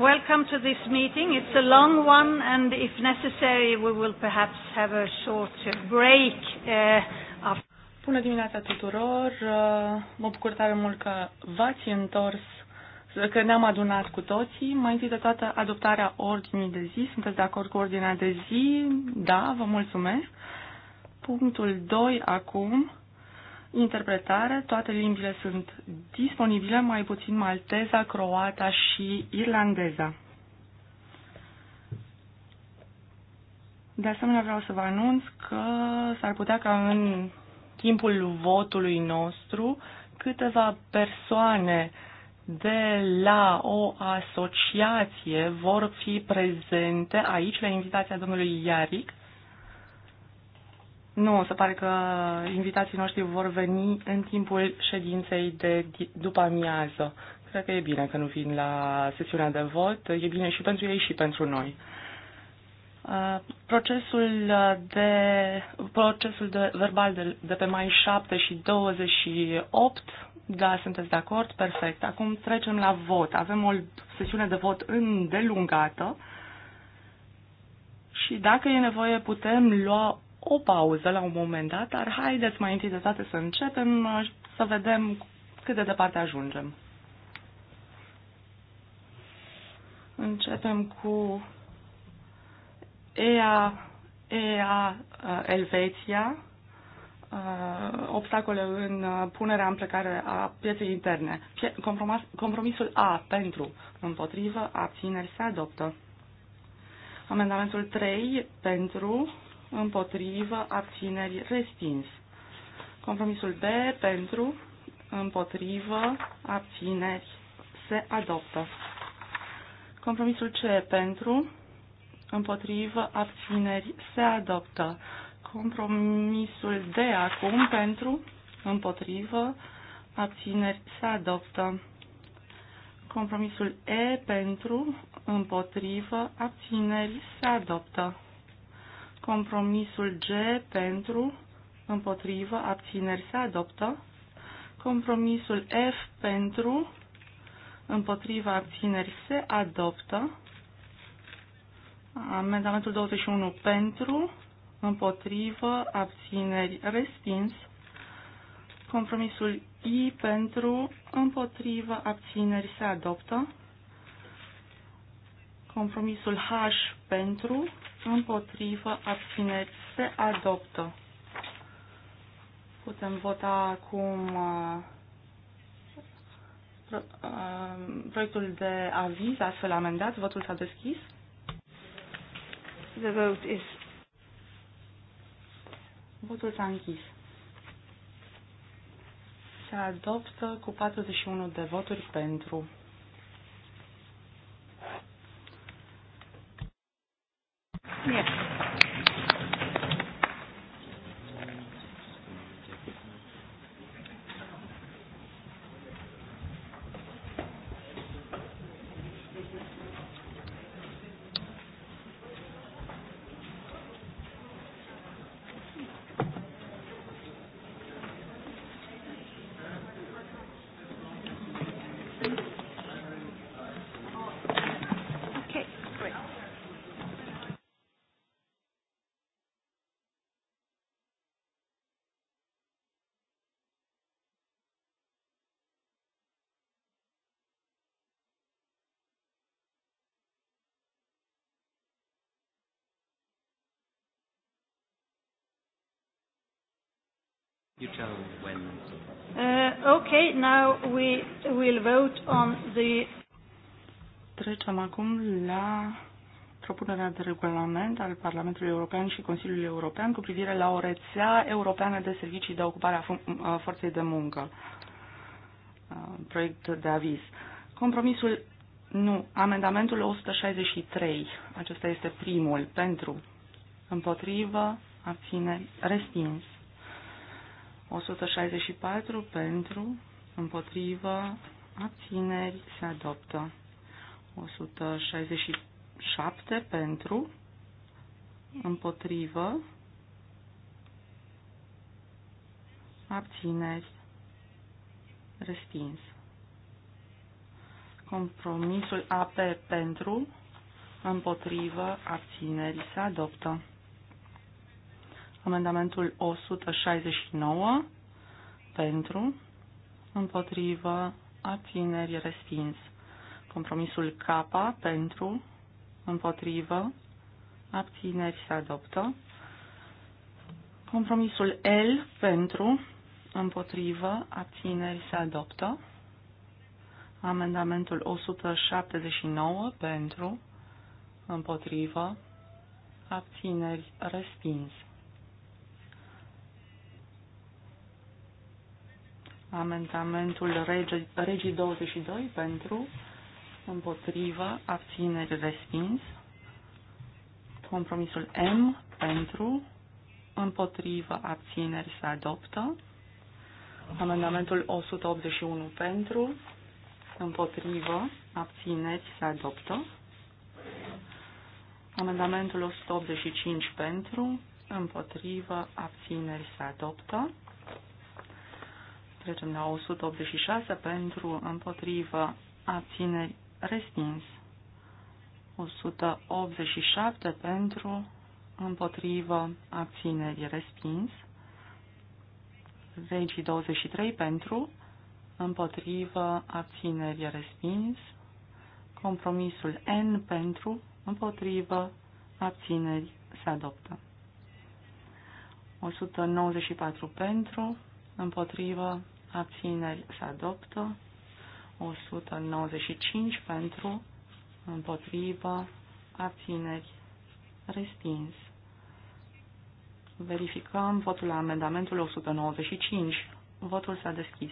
Welcome to this meeting. It's a long one, and if necessary, we will perhaps have a short uh, break. Uh, Bună dimineața tuturor! Uh, mă bucur tare mult că v-ați întors, că ne-am adunat cu toții. Mai întâi de toată, adoptarea ordinii de zi. Sunteți de acord cu ordinea de zi? Da, vă mulțumesc. Punctul 2 acum interpretare, toate limbile sunt disponibile, mai puțin malteza, croata și irlandeza. De asemenea, vreau să vă anunț că s-ar putea ca în timpul votului nostru câteva persoane de la o asociație vor fi prezente aici la invitația domnului Iaric nu, se pare că invitații noștri vor veni în timpul ședinței de după amiază. Cred că e bine că nu vin la sesiunea de vot. E bine și pentru ei și pentru noi. Uh, procesul, uh, de, procesul de, verbal de, de pe mai 7 și 28, da, sunteți de acord? Perfect. Acum trecem la vot. Avem o sesiune de vot îndelungată și dacă e nevoie putem lua o pauză la un moment dat, dar haideți mai întâi de toate să începem, să vedem cât de departe ajungem. Începem cu EA, EA Elveția, uh, obstacole în uh, punerea în plecare a pieței interne. Compromisul A pentru împotrivă, abțineri se adoptă. Amendamentul 3 pentru împotrivă, abțineri, respins. Compromisul B pentru, împotrivă, abțineri, se adoptă. Compromisul C pentru, împotrivă, abțineri, se adoptă. Compromisul D acum pentru, împotrivă, abțineri, se adoptă. Compromisul E pentru, împotrivă, abțineri, se adoptă. Compromisul G pentru, împotrivă, abțineri se adoptă. Compromisul F pentru, împotriva abțineri se adoptă. Amendamentul 21 pentru, împotrivă, abțineri respins. Compromisul I pentru, împotrivă, abțineri se adoptă. Compromisul H pentru, împotrivă, abțineți, se adoptă. Putem vota acum uh, uh, proiectul de aviz astfel amendat. Votul s-a deschis. The vote is... Votul s-a închis. Se adoptă cu 41 de voturi pentru. Yeah. You tell when. Uh, okay, now we will vote on the... Trecem acum la propunerea de regulament al Parlamentului European și Consiliului European cu privire la o rețea europeană de servicii de ocupare a forței de muncă. Uh, proiect de aviz. Compromisul nu. Amendamentul 163. Acesta este primul. Pentru. Împotrivă. Abține. Respins. 164 pentru, împotrivă, abțineri, se adoptă. 167 pentru, împotrivă, abțineri, respins. Compromisul AP pentru, împotrivă, abțineri, se adoptă. Amendamentul 169 pentru, împotrivă, abțineri, respins. Compromisul K pentru, împotrivă, abțineri se adoptă. Compromisul L pentru, împotrivă, abțineri se adoptă. Amendamentul 179 pentru, împotrivă, abțineri respins. Amendamentul rege, regii 22 pentru, împotrivă, abțineri respins. Compromisul M pentru, împotrivă, abțineri se adoptă. Amendamentul 181 pentru, împotrivă, abțineri se adoptă. Amendamentul 185 pentru, împotrivă, abțineri se adoptă. Trecem la 186 pentru împotrivă abțineri respins. 187 pentru împotrivă abțineri respins. Regii 23 pentru împotrivă abțineri respins. Compromisul N pentru împotrivă abțineri se adoptă. 194 pentru împotrivă, abțineri se adoptă, 195 pentru, împotrivă, abțineri, respins. Verificăm votul la amendamentul 195. Votul s-a deschis.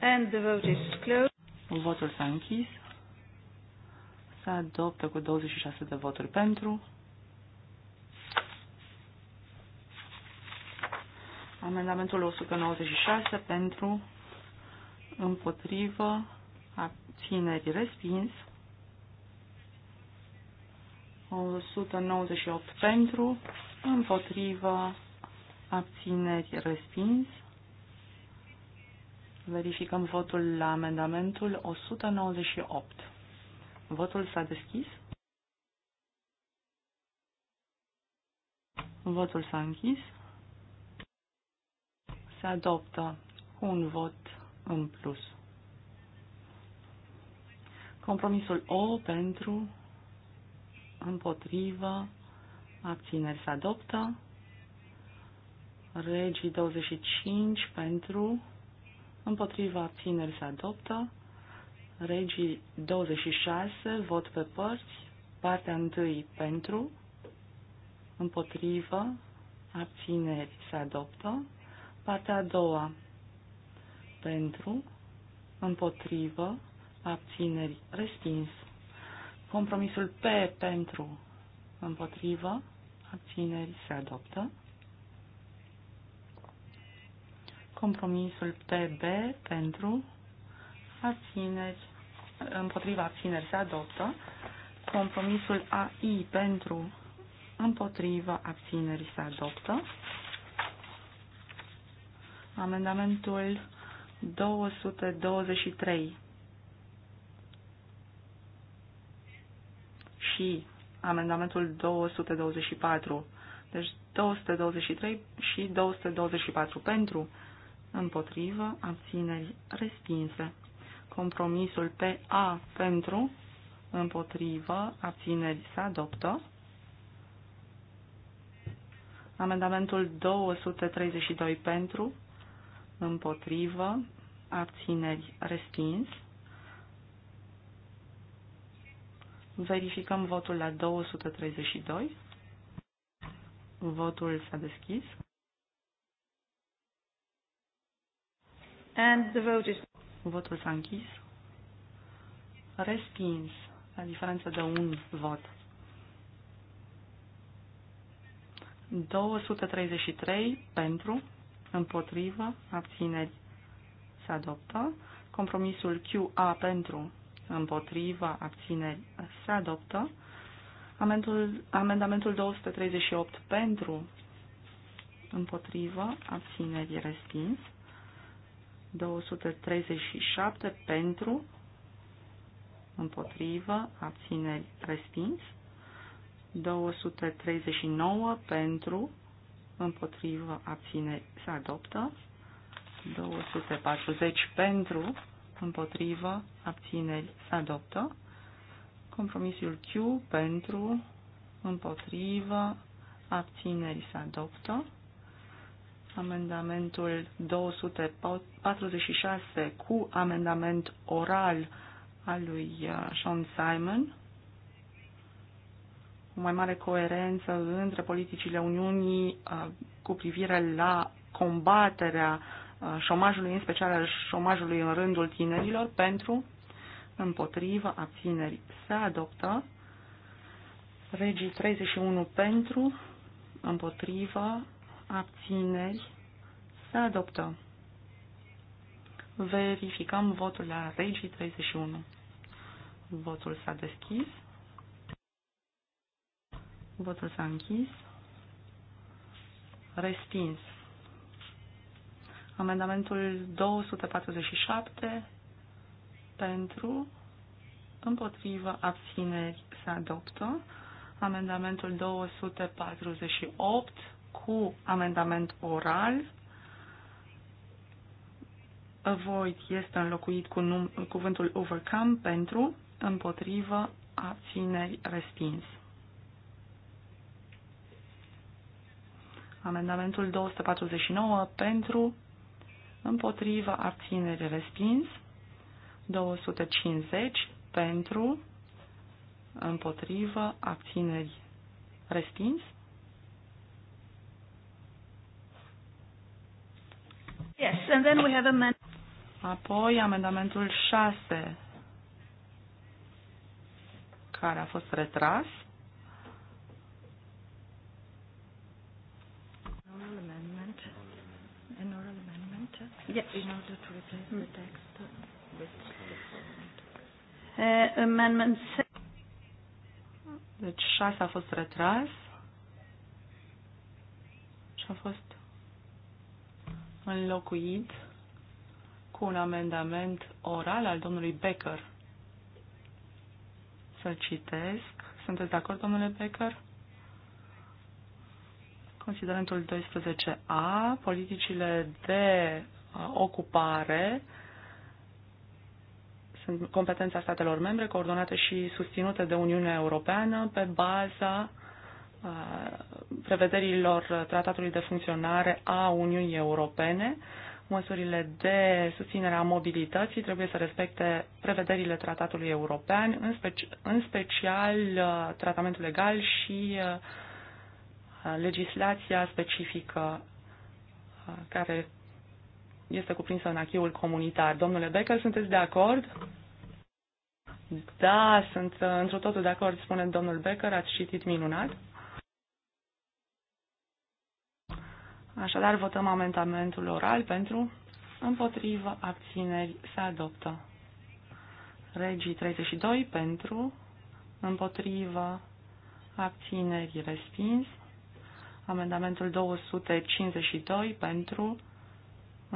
And the vote is closed. Votul s-a închis. Se adoptă cu 26 de voturi pentru, Amendamentul 196 pentru, împotrivă, abțineri respins. 198 pentru, împotrivă, abțineri respins. Verificăm votul la amendamentul 198. Votul s-a deschis. Votul s-a închis se adoptă cu un vot în plus. Compromisul O pentru, împotrivă, abțineri se adoptă. Regii 25 pentru, împotriva abțineri se adoptă. Regii 26, vot pe părți, partea 1 pentru, împotrivă, abțineri se adoptă. Partea a doua. Pentru, împotrivă, abțineri, respins. Compromisul P pentru, împotrivă, abțineri, se adoptă. Compromisul PB pentru, abțineri, împotriva abțineri, se adoptă. Compromisul AI pentru, împotriva abțineri se adoptă. Amendamentul 223 și amendamentul 224. Deci 223 și 224 pentru, împotrivă, abțineri respinse. Compromisul PA pentru, împotrivă, abțineri se adoptă. Amendamentul 232 pentru, împotrivă, abțineri, respins. Verificăm votul la 232. Votul s-a deschis. And the vote is... Votul s-a închis. Respins, la diferență de un vot. 233 pentru, împotrivă, abțineri, se adoptă. Compromisul QA pentru, împotrivă, abțineri, se adoptă. Amendul, amendamentul 238 pentru, împotrivă, abțineri, respins. 237 pentru, împotrivă, abțineri, respins. 239 pentru, împotrivă, abține, se adoptă. 240 pentru, împotrivă, abține, se adoptă. Compromisul Q pentru, împotrivă, abțineri, se adoptă. Amendamentul 246 cu amendament oral al lui uh, Sean Simon mai mare coerență între politicile Uniunii uh, cu privire la combaterea uh, șomajului, în special al șomajului în rândul tinerilor, pentru împotrivă abțineri. Se adoptă regii 31 pentru, împotrivă, abțineri, se adoptă. Verificăm votul la regii 31. Votul s-a deschis. Votul s-a închis. Respins. Amendamentul 247 pentru, împotrivă, abțineri se adoptă. Amendamentul 248 cu amendament oral. Avoid este înlocuit cu num- cuvântul overcome pentru, împotrivă, abțineri respins. Amendamentul 249 pentru, împotriva, abținere, respins. 250 pentru, împotriva abțineri, respins. Yes, and then we have amend Apoi amendamentul 6 care a fost retras. Yes. In order to replace mm. the text with the Uh, amendment Deci 6 a fost retras și a fost înlocuit cu un amendament oral al domnului Becker. Să-l citesc. Sunteți de acord, domnule Becker? Considerentul 12a, politicile de ocupare sunt competența statelor membre, coordonate și susținute de Uniunea Europeană pe baza uh, prevederilor Tratatului de Funcționare a Uniunii Europene. Măsurile de susținere a mobilității trebuie să respecte prevederile Tratatului European, în, speci- în special uh, tratamentul legal și uh, legislația specifică care este cuprinsă în achiul comunitar. Domnule Becker, sunteți de acord? Da, sunt uh, într totul de acord, spune domnul Becker, ați citit minunat. Așadar, votăm amendamentul oral pentru, împotriva, abțineri, se adoptă. Regii 32 pentru, împotriva, abțineri, respins. Amendamentul 252 pentru,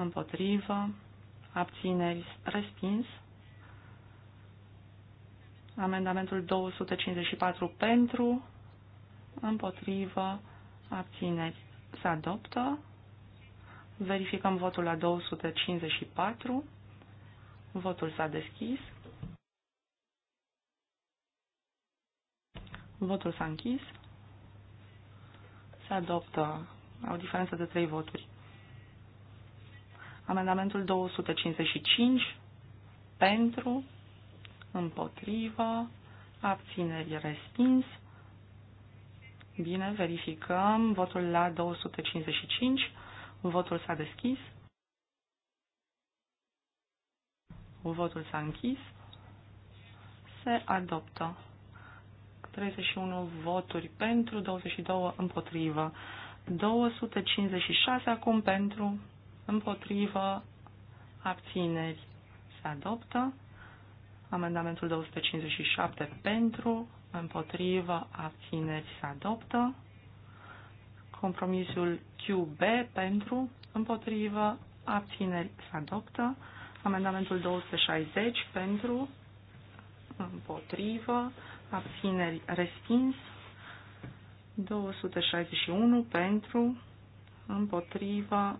împotrivă, abțineri, respins. Amendamentul 254 pentru, împotrivă, abțineri, se adoptă. Verificăm votul la 254. Votul s-a deschis. Votul s-a închis. Se adoptă. Au diferență de 3 voturi. Amendamentul 255 pentru, împotrivă, abțineri respins. Bine, verificăm votul la 255. Votul s-a deschis. Votul s-a închis. Se adoptă. 31 voturi pentru, 22 împotrivă. 256 acum pentru, împotrivă, abțineri se adoptă. Amendamentul 257 pentru, împotrivă, abțineri se adoptă. Compromisul QB pentru, împotrivă, abțineri se adoptă. Amendamentul 260 pentru, împotrivă, abțineri respins. 261 pentru, împotrivă,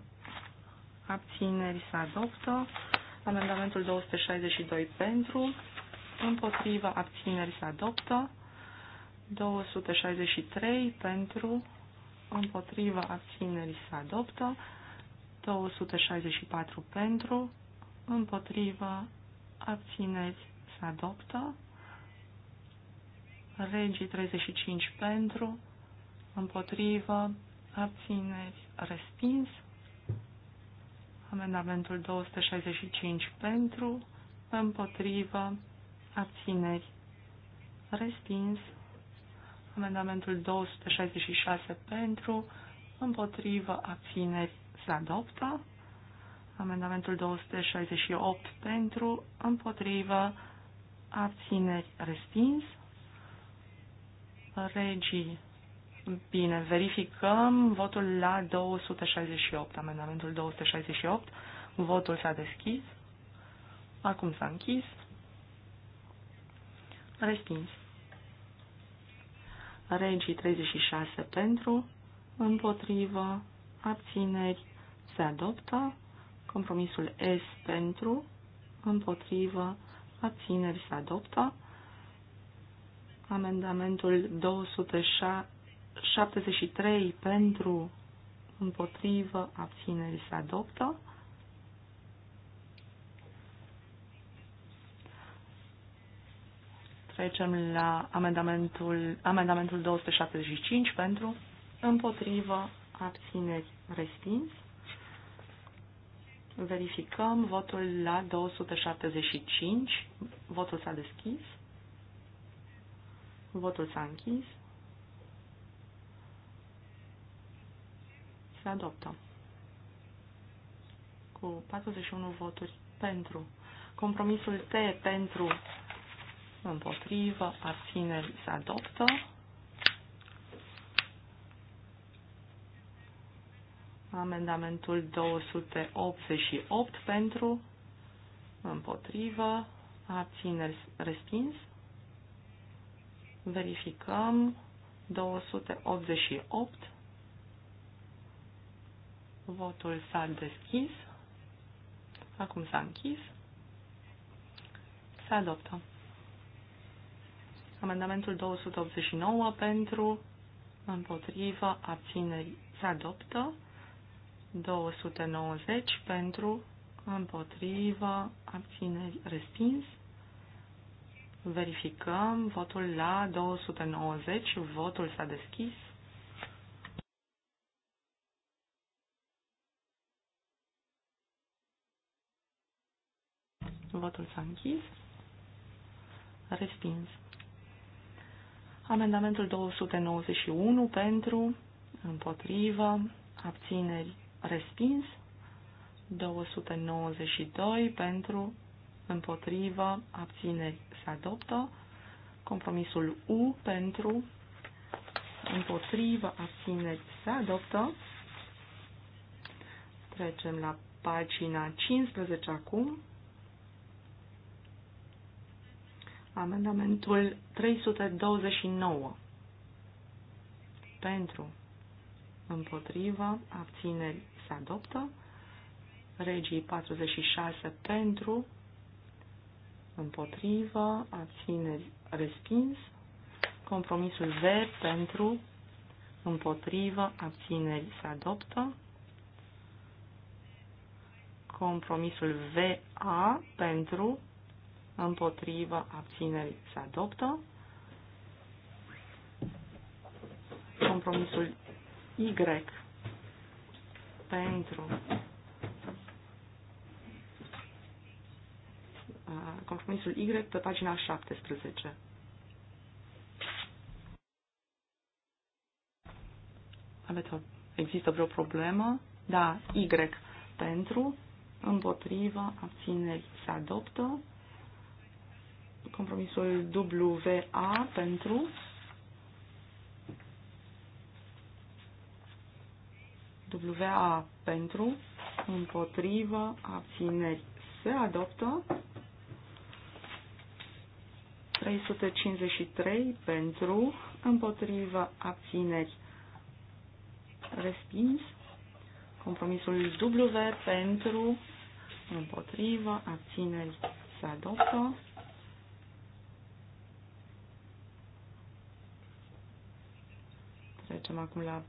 abțineri se adoptă. Amendamentul 262 pentru, împotriva abțineri se adoptă. 263 pentru, împotriva abțineri se adoptă, 264 pentru, împotriva abțineri se adoptă, regii 35 pentru, împotriva abțineri respins, Amendamentul 265 pentru, împotrivă, abțineri, respins. Amendamentul 266 pentru, împotrivă, abțineri, se adoptă. Amendamentul 268 pentru, împotrivă, abțineri, respins. Regii Bine, verificăm votul la 268, amendamentul 268. Votul s-a deschis. Acum s-a închis. Respins. Regii 36 pentru, împotrivă, abțineri, se adoptă. Compromisul S pentru, împotrivă, abțineri, se adoptă. Amendamentul 206 73 pentru, împotrivă, abținerii se adoptă. Trecem la amendamentul, amendamentul 275 pentru, împotrivă, abțineri respins. Verificăm votul la 275. Votul s-a deschis. Votul s-a închis. se adoptă. Cu 41 voturi pentru. Compromisul T pentru împotrivă, abțineri se adoptă. Amendamentul 288 pentru împotrivă, abțineri respins. Verificăm 288 Votul s-a deschis. Acum s-a închis. Se adoptă. Amendamentul 289 pentru, împotrivă, abțineri se adoptă. 290 pentru, împotrivă, abțineri respins. Verificăm votul la 290. Votul s-a deschis. Votul s-a închis. Respins. Amendamentul 291 pentru, împotrivă, abțineri, respins. 292 pentru, împotrivă, abțineri, se adoptă. Compromisul U pentru, împotrivă, abțineri, se adoptă. Trecem la pagina 15 acum. Amendamentul 329. Pentru, împotrivă, abțineri se adoptă. Regii 46 pentru, împotrivă, abțineri respins. Compromisul V pentru, împotrivă, abțineri se adoptă. Compromisul VA pentru, împotrivă, abținerii se adoptă. Compromisul Y pentru compromisul Y pe pagina 17. Aveți o, există vreo problemă? Da, Y pentru, împotriva, abțineri se adoptă. Compromisul WA pentru WA pentru, împotrivă, abțineri. Se adoptă 353 pentru, împotrivă, abțineri. Respins. Compromisul W pentru, împotrivă, abțineri. Se adoptă. Trecem acum la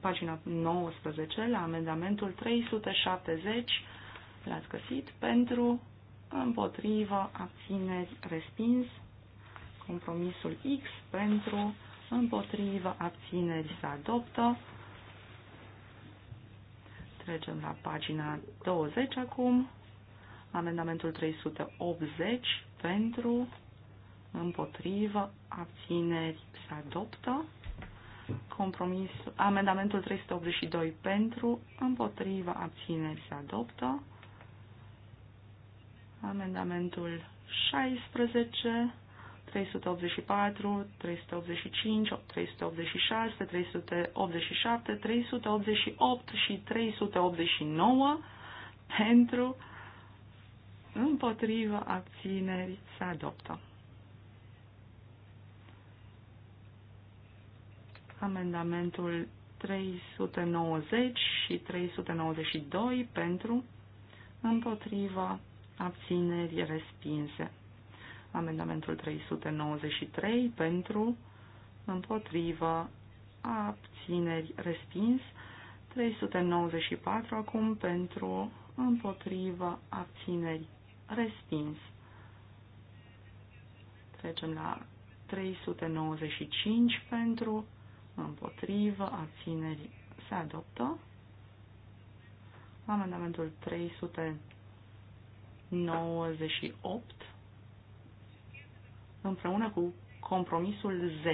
pagina 19, la amendamentul 370. L-ați găsit pentru, împotrivă, abțineri, respins. Compromisul X pentru, împotrivă, abțineri, se adoptă. Trecem la pagina 20 acum. Amendamentul 380 pentru, împotrivă, abțineri, se adoptă. Compromis, amendamentul 382 pentru, împotriva, abțineri se adoptă. Amendamentul 16, 384, 385, 386, 387, 388 și 389 pentru, împotriva, abțineri se adoptă. Amendamentul 390 și 392 pentru, împotriva, abțineri respinse. Amendamentul 393 pentru, împotriva, abțineri respins. 394 acum pentru, împotriva, abțineri respins. Trecem la 395 pentru, împotrivă, abțineri se adoptă. Amendamentul 398 împreună cu compromisul Z.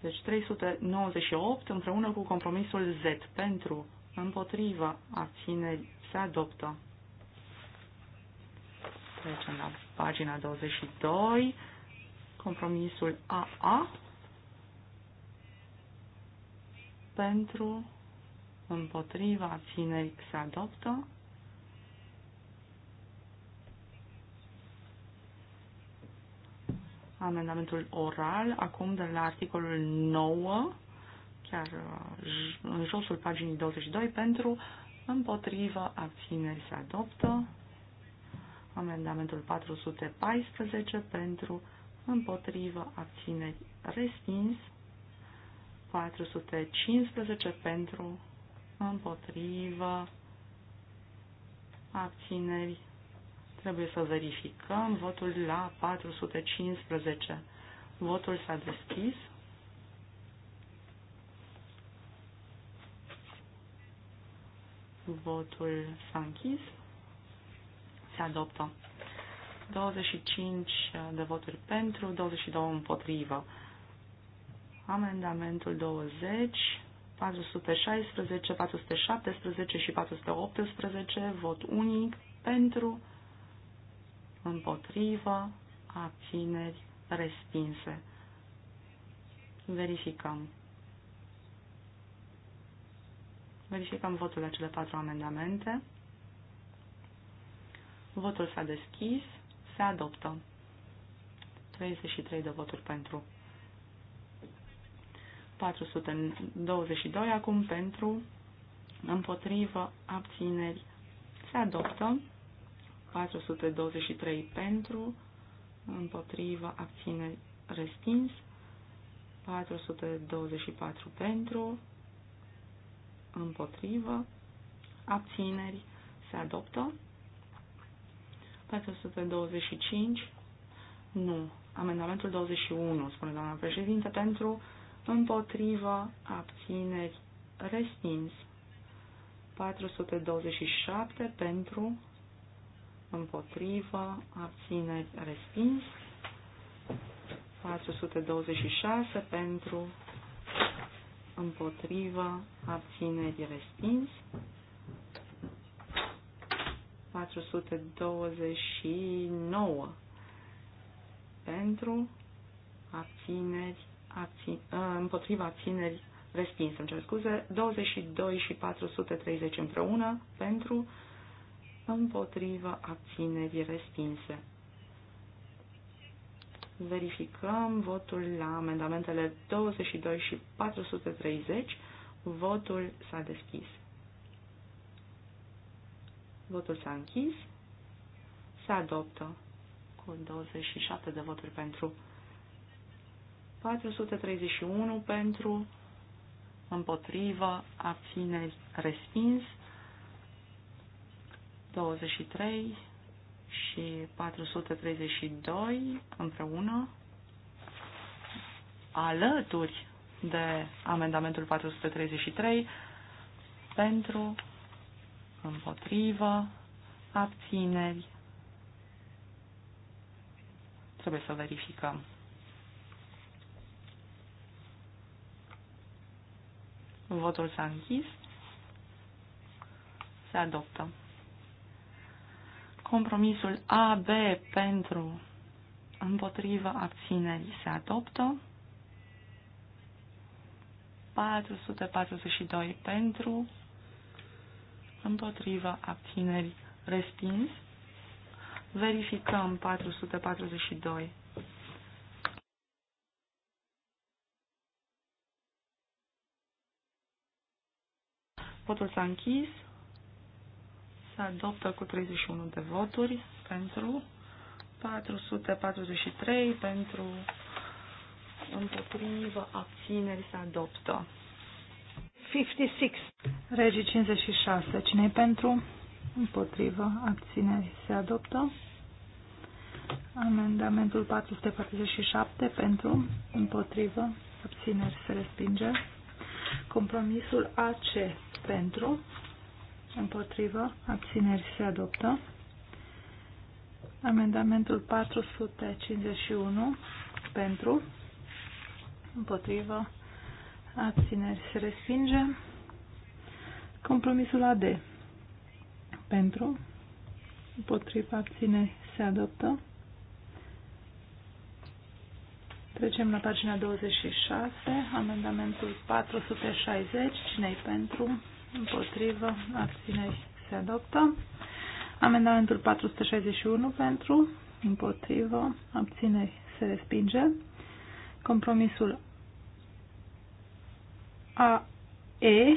Deci 398 împreună cu compromisul Z pentru împotrivă abțineri se adoptă. Trecem la pagina 22, compromisul AA pentru, împotriva, abțineri se adoptă. Amendamentul oral, acum de la articolul 9, chiar uh, în josul paginii 22, pentru, împotriva, abțineri se adoptă. Amendamentul 414 pentru, împotriva, abțineri respins. 415 pentru, împotrivă, abțineri. Trebuie să verificăm votul la 415. Votul s-a deschis. Votul s-a închis. Se adoptă. 25 de voturi pentru, 22 împotrivă. Amendamentul 20, 416, 417 și 418, vot unic pentru, împotrivă, abțineri, respinse. Verificăm. Verificăm votul la cele patru amendamente. Votul s-a deschis, se adoptă. 33 de voturi pentru. 422 acum pentru, împotrivă, abțineri. Se adoptă 423 pentru, împotrivă, abțineri, respins. 424 pentru, împotrivă, abțineri, se adoptă. 425, nu, amendamentul 21, spune doamna președinte, pentru împotrivă, abțineri, respins. 427 pentru, împotrivă, abțineri, respins. 426 pentru, împotrivă, abțineri, respins. 429 pentru, abțineri, Uh, împotriva țineri respins, îmi cer scuze, 22 și 430 împreună pentru împotriva abținerii respinse. Verificăm votul la amendamentele 22 și 430. Votul s-a deschis. Votul s-a închis. Se adoptă cu 27 de voturi pentru 431 pentru, împotrivă, abțineri, respins. 23 și 432 împreună, alături de amendamentul 433 pentru, împotrivă, abțineri. Trebuie să verificăm. Votul s-a închis. Se adoptă. Compromisul AB pentru împotriva abținerii se adoptă. 442 pentru împotriva abținerii respins. Verificăm 442. Votul s-a închis. Se adoptă cu 31 de voturi pentru 443 pentru împotrivă abțineri se adoptă. 56. Regi 56. cine pentru? Împotrivă. Abțineri se adoptă. Amendamentul 447 pentru, împotrivă, abțineri se respinge. Compromisul AC pentru, împotrivă, abțineri se adoptă. Amendamentul 451 pentru, împotrivă, abțineri se respinge. Compromisul AD pentru, împotrivă, abțineri se adoptă. Trecem la pagina 26, amendamentul 460, cine pentru, împotrivă, abțineri se adoptă. Amendamentul 461 pentru, împotrivă, abțineri se respinge. Compromisul AE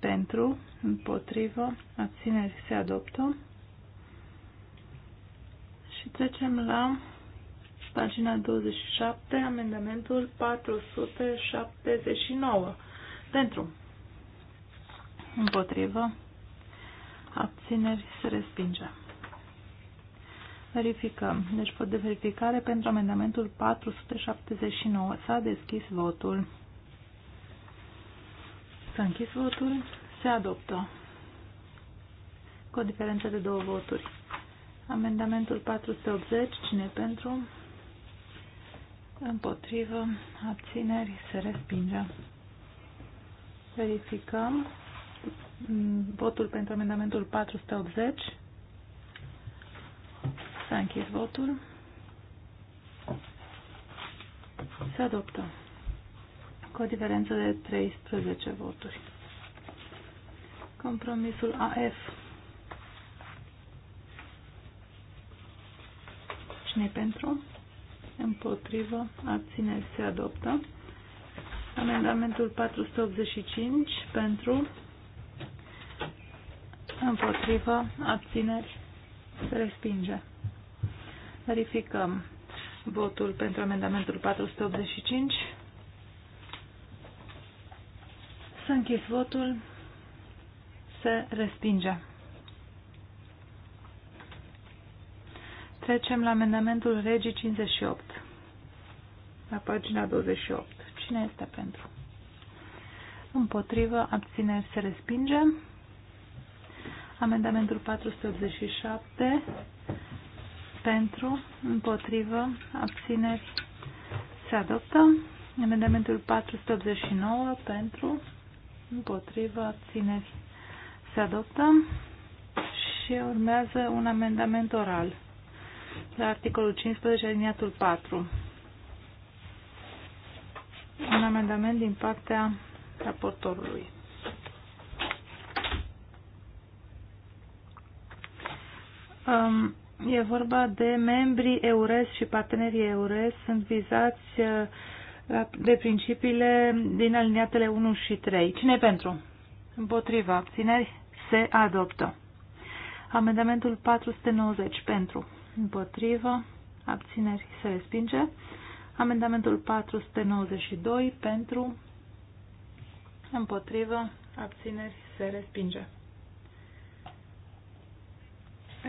pentru, împotrivă, abțineri se adoptă. Și trecem la pagina 27, amendamentul 479. Pentru, împotrivă, abțineri, se respinge. Verificăm. Deci pot de verificare pentru amendamentul 479. S-a deschis votul. S-a închis votul. Se adoptă. Cu o diferență de două voturi. Amendamentul 480. Cine pentru? Împotrivă. Abțineri. Se respinge. Verificăm. Votul pentru amendamentul 480. S-a închis votul. Se adoptă cu o diferență de 13 voturi. Compromisul AF. Cine pentru? Împotrivă. Abține. se adoptă. Amendamentul 485 pentru Împotrivă, abțineri, se respinge. Verificăm votul pentru amendamentul 485. S-a închis votul. Se respinge. Trecem la amendamentul regii 58. La pagina 28. Cine este pentru? Împotrivă, abțineri, se respinge. Amendamentul 487 pentru, împotrivă, abțineri se adoptă. Amendamentul 489 pentru, împotrivă, abțineri se adoptă. Și urmează un amendament oral la articolul 15, aliniatul 4. Un amendament din partea raportorului. Um, e vorba de membrii EURES și partenerii EURES sunt vizați uh, de principiile din aliniatele 1 și 3. Cine pentru? Împotriva. Abțineri? Se adoptă. Amendamentul 490 pentru. Împotrivă. Abțineri se respinge. Amendamentul 492 pentru. Împotrivă. Abțineri se respinge.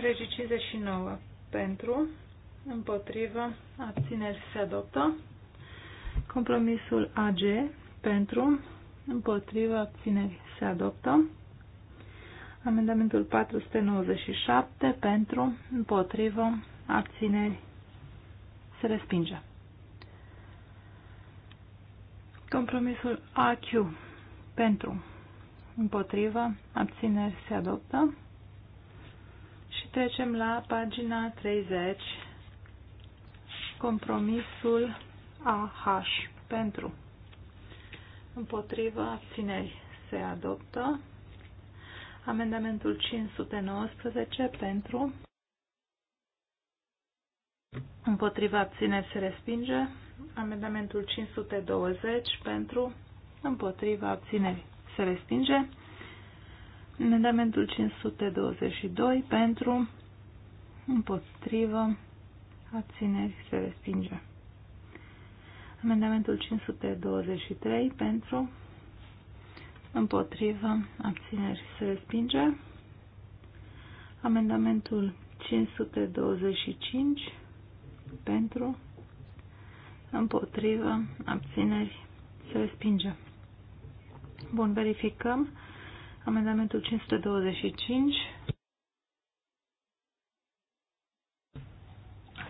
Regi 59 pentru, împotrivă, abțineri se adoptă. Compromisul AG pentru, împotrivă, abțineri se adoptă. Amendamentul 497 pentru, împotrivă, abțineri se respinge. Compromisul AQ pentru, împotrivă, abțineri se adoptă. Trecem la pagina 30, compromisul AH pentru împotriva abțineri se adoptă. Amendamentul 519 pentru împotriva abțineri se respinge. Amendamentul 520 pentru împotriva abțineri se respinge. Amendamentul 522 pentru, împotrivă, abțineri se respinge. Amendamentul 523 pentru, împotrivă, abțineri se respinge. Amendamentul 525 pentru, împotrivă, abțineri se respinge. Bun, verificăm. Amendamentul 525.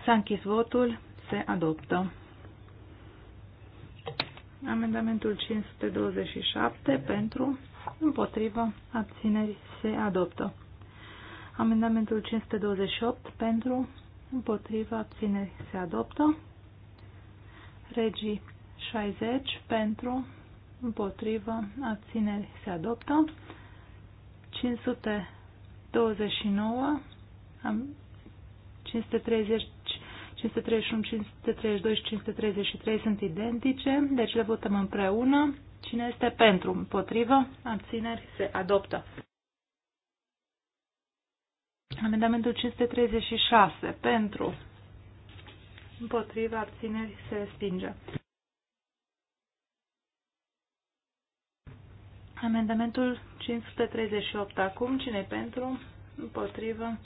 S-a închis votul. Se adoptă. Amendamentul 527 pentru, împotrivă, abțineri se adoptă. Amendamentul 528 pentru, împotrivă, abțineri se adoptă. Regii 60 pentru, împotrivă, abțineri se adoptă. 529, 530, 531, 532 și 533 sunt identice, deci le votăm împreună. Cine este pentru, împotrivă, abțineri, se adoptă. Amendamentul 536, pentru, împotrivă, abțineri, se respinge. Amendamentul 538 acum. cine pentru? Împotrivă.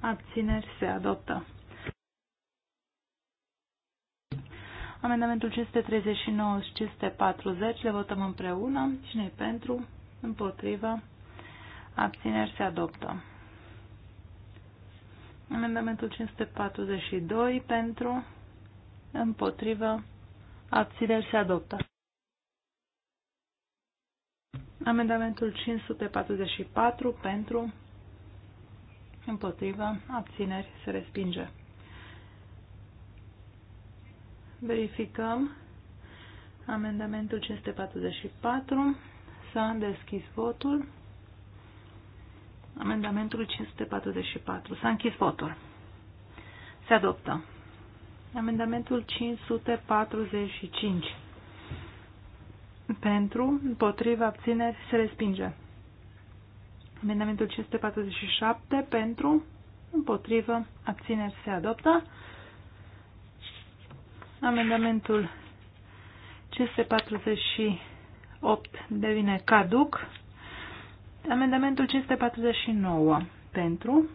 Abțineri se adoptă. Amendamentul 539 și 540 le votăm împreună. cine pentru? Împotrivă. Abțineri se adoptă. Amendamentul 542 pentru, împotrivă, abțineri se adoptă. Amendamentul 544 pentru, împotrivă, abțineri, se respinge. Verificăm amendamentul 544. S-a deschis votul. Amendamentul 544. S-a închis votul. Se adoptă. Amendamentul 545 pentru, împotriva, abțineri, se respinge. Amendamentul 547 pentru, împotrivă, abțineri, se adoptă. Amendamentul 548 devine caduc. Amendamentul 549 pentru,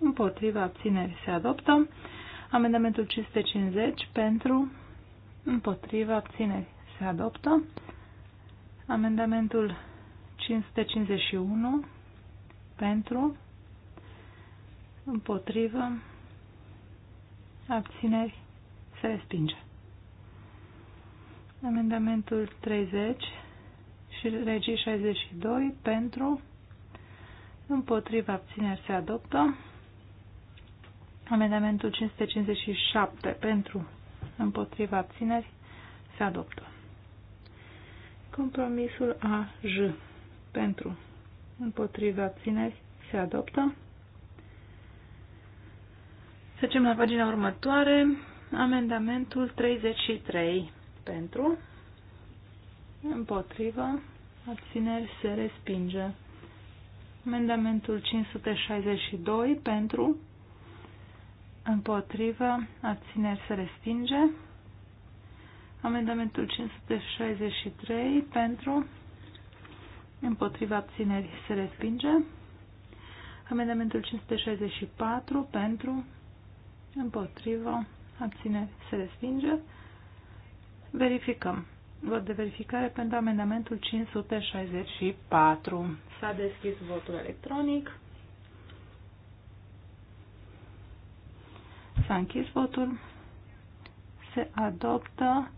împotriva, abțineri, se adoptă. Amendamentul 550 pentru, împotriva, abțineri, se adoptă. Amendamentul 551 pentru, împotrivă, abțineri, se respinge. Amendamentul 30 și regii 62 pentru, împotrivă, abțineri, se adoptă. Amendamentul 557 pentru, împotrivă, abțineri, se adoptă. Compromisul a J pentru împotriva țineri se adoptă. Trecem la pagina următoare. Amendamentul 33 pentru împotriva abțineri se respinge. Amendamentul 562 pentru împotriva abțineri se respinge. Amendamentul 563 pentru, împotriva abținerii se respinge. Amendamentul 564 pentru, împotriva abțineri se respinge. Verificăm. Vot de verificare pentru amendamentul 564. S-a deschis votul electronic. S-a închis votul. Se adoptă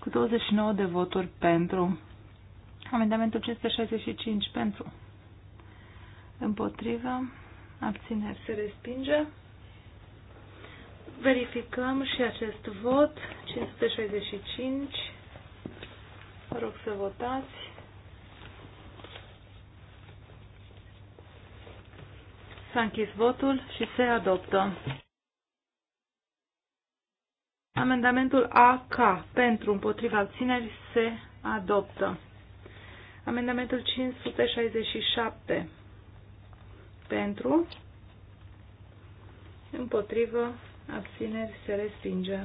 cu 29 de voturi pentru. Amendamentul 565 pentru. Împotrivă. Abțineri se respinge. Verificăm și acest vot. 565. Vă rog să votați. S-a închis votul și se adoptă. Amendamentul AK pentru împotriva abțineri se adoptă. Amendamentul 567 pentru împotrivă abțineri se respinge.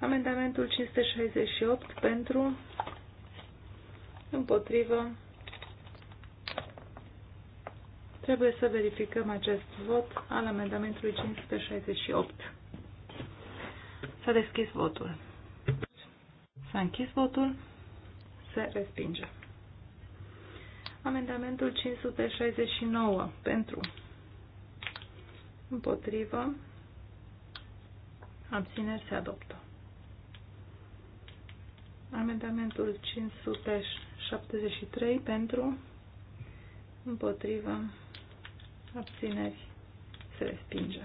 Amendamentul 568 pentru împotrivă trebuie să verificăm acest vot al amendamentului 568. S-a deschis votul. S-a închis votul. Se respinge. Amendamentul 569 pentru împotrivă abțineri se adoptă. Amendamentul 573 pentru împotrivă abțineri se respinge.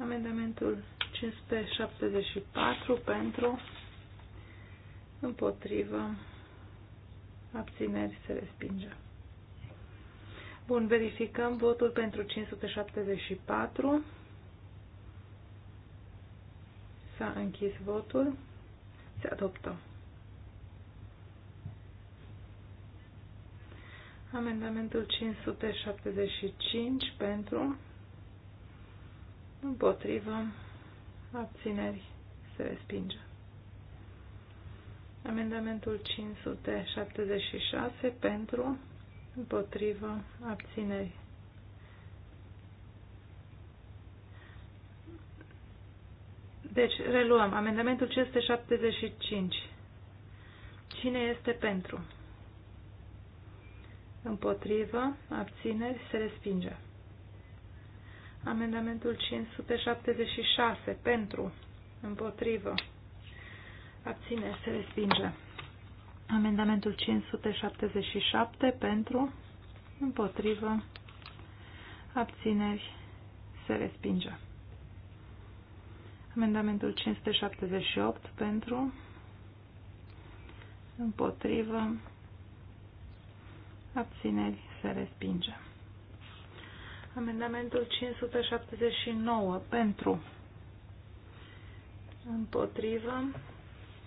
Amendamentul 574 pentru, împotrivă, abțineri se respinge. Bun, verificăm votul pentru 574. S-a închis votul. Se adoptă. Amendamentul 575 pentru, împotrivă, abțineri, se respinge. Amendamentul 576 pentru, împotrivă, abțineri. Deci, reluăm. Amendamentul 575. Cine este pentru? Împotrivă, abțineri, se respinge. Amendamentul 576 pentru, împotrivă, Abține. se respinge. Amendamentul 577 pentru, împotrivă, abțineri se respinge. Amendamentul 578 pentru, împotrivă, abțineri se respinge. Amendamentul 579 pentru împotrivă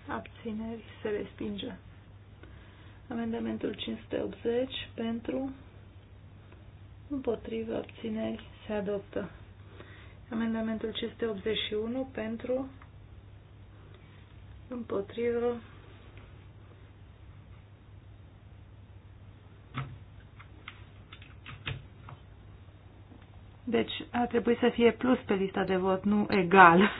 abțineri se respinge. Amendamentul 580 pentru împotrivă abțineri se adoptă. Amendamentul 581 pentru împotrivă Deci ar trebui să fie plus pe lista de vot, nu egal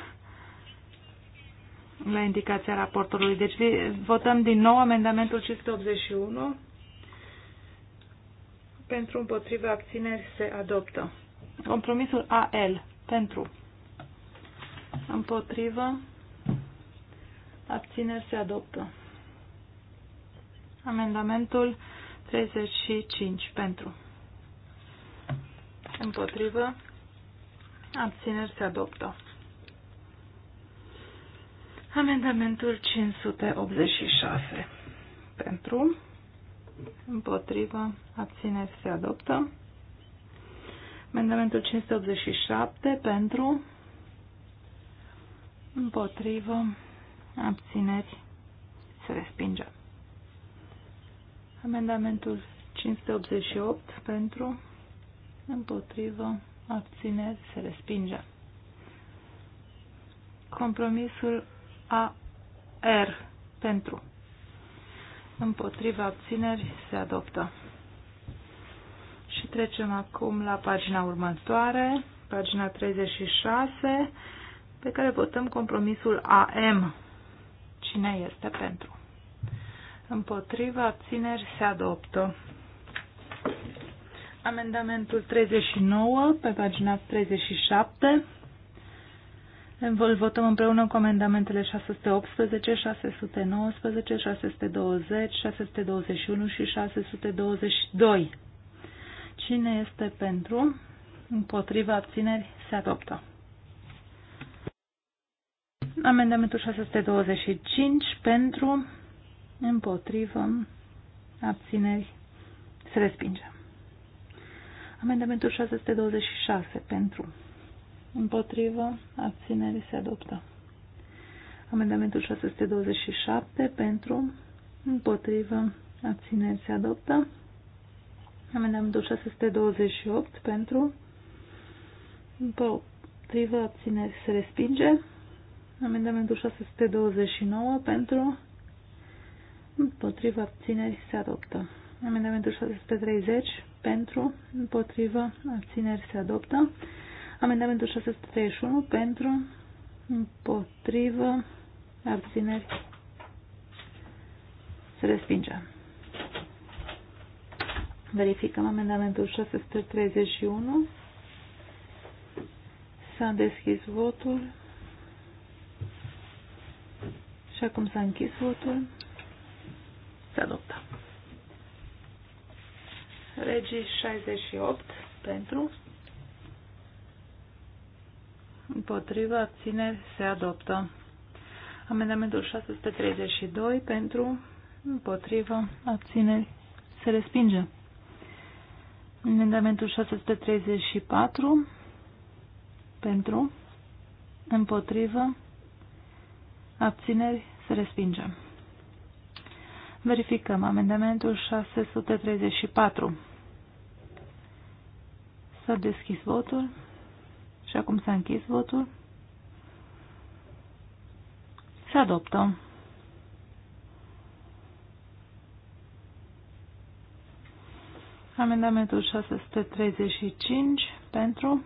la indicația raportorului. Deci votăm din nou amendamentul 581. Pentru împotriva abțineri se adoptă. Compromisul AL. Pentru. Împotrivă. Abțineri se adoptă. Amendamentul 35. Pentru împotrivă, abțineri se adoptă. Amendamentul 586 pentru, împotrivă, abțineri se adoptă. Amendamentul 587 pentru, împotrivă, abțineri se respinge. Amendamentul 588 pentru, împotrivă, abțineri, se respinge. Compromisul AR pentru împotriva abțineri se adoptă. Și trecem acum la pagina următoare, pagina 36, pe care votăm compromisul AM. Cine este pentru? Împotriva abțineri se adoptă. Amendamentul 39, pe pagina 37. Îl votăm împreună cu amendamentele 618, 619, 620, 621 și 622. Cine este pentru? Împotriva abțineri se adoptă. Amendamentul 625 pentru, împotrivă, abțineri se respinge. Amendamentul 626 pentru. Împotrivă. Abținere se adoptă. Amendamentul 627 pentru. Împotrivă. Abținere se adoptă. Amendamentul 628 pentru. Împotrivă. Abținere se respinge. Amendamentul 629 pentru. Împotrivă. Abțineri se adoptă. Amendamentul 630 pentru, împotrivă, abțineri se adoptă. Amendamentul 631 pentru, împotrivă, abțineri se respinge. Verificăm amendamentul 631. S-a deschis votul. Și acum s-a închis votul. Se adoptă. Regii 68 pentru. Împotrivă, abțineri, se adoptă. Amendamentul 632 pentru, împotrivă, abțineri, se respinge. Amendamentul 634 pentru, împotrivă, abțineri, se respinge. Verificăm amendamentul 634. S-a deschis votul și acum s-a închis votul. Se adoptă. Amendamentul 635 pentru,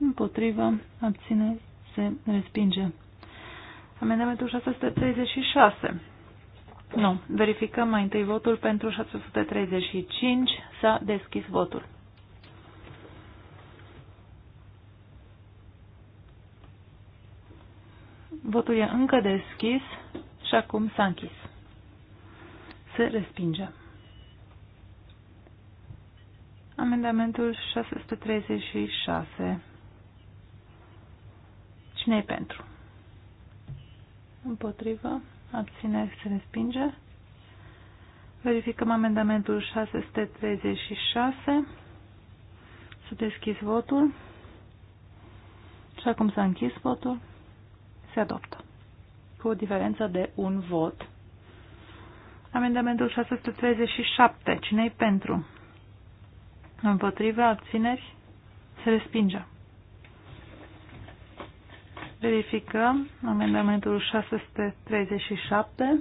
împotrivă, abține, se respinge. Amendamentul 636. Nu. Verificăm mai întâi votul pentru 635. S-a deschis votul. Votul e încă deschis și acum s-a închis. Se respinge. Amendamentul 636. Cine e pentru? Împotrivă. Abține. Se respinge. Verificăm amendamentul 636. Să deschis votul. Și acum s-a închis votul. Se adoptă. Cu o diferență de un vot. Amendamentul 637. Cine-i pentru? Împotriva abțineri? Se respinge. Verificăm amendamentul 637.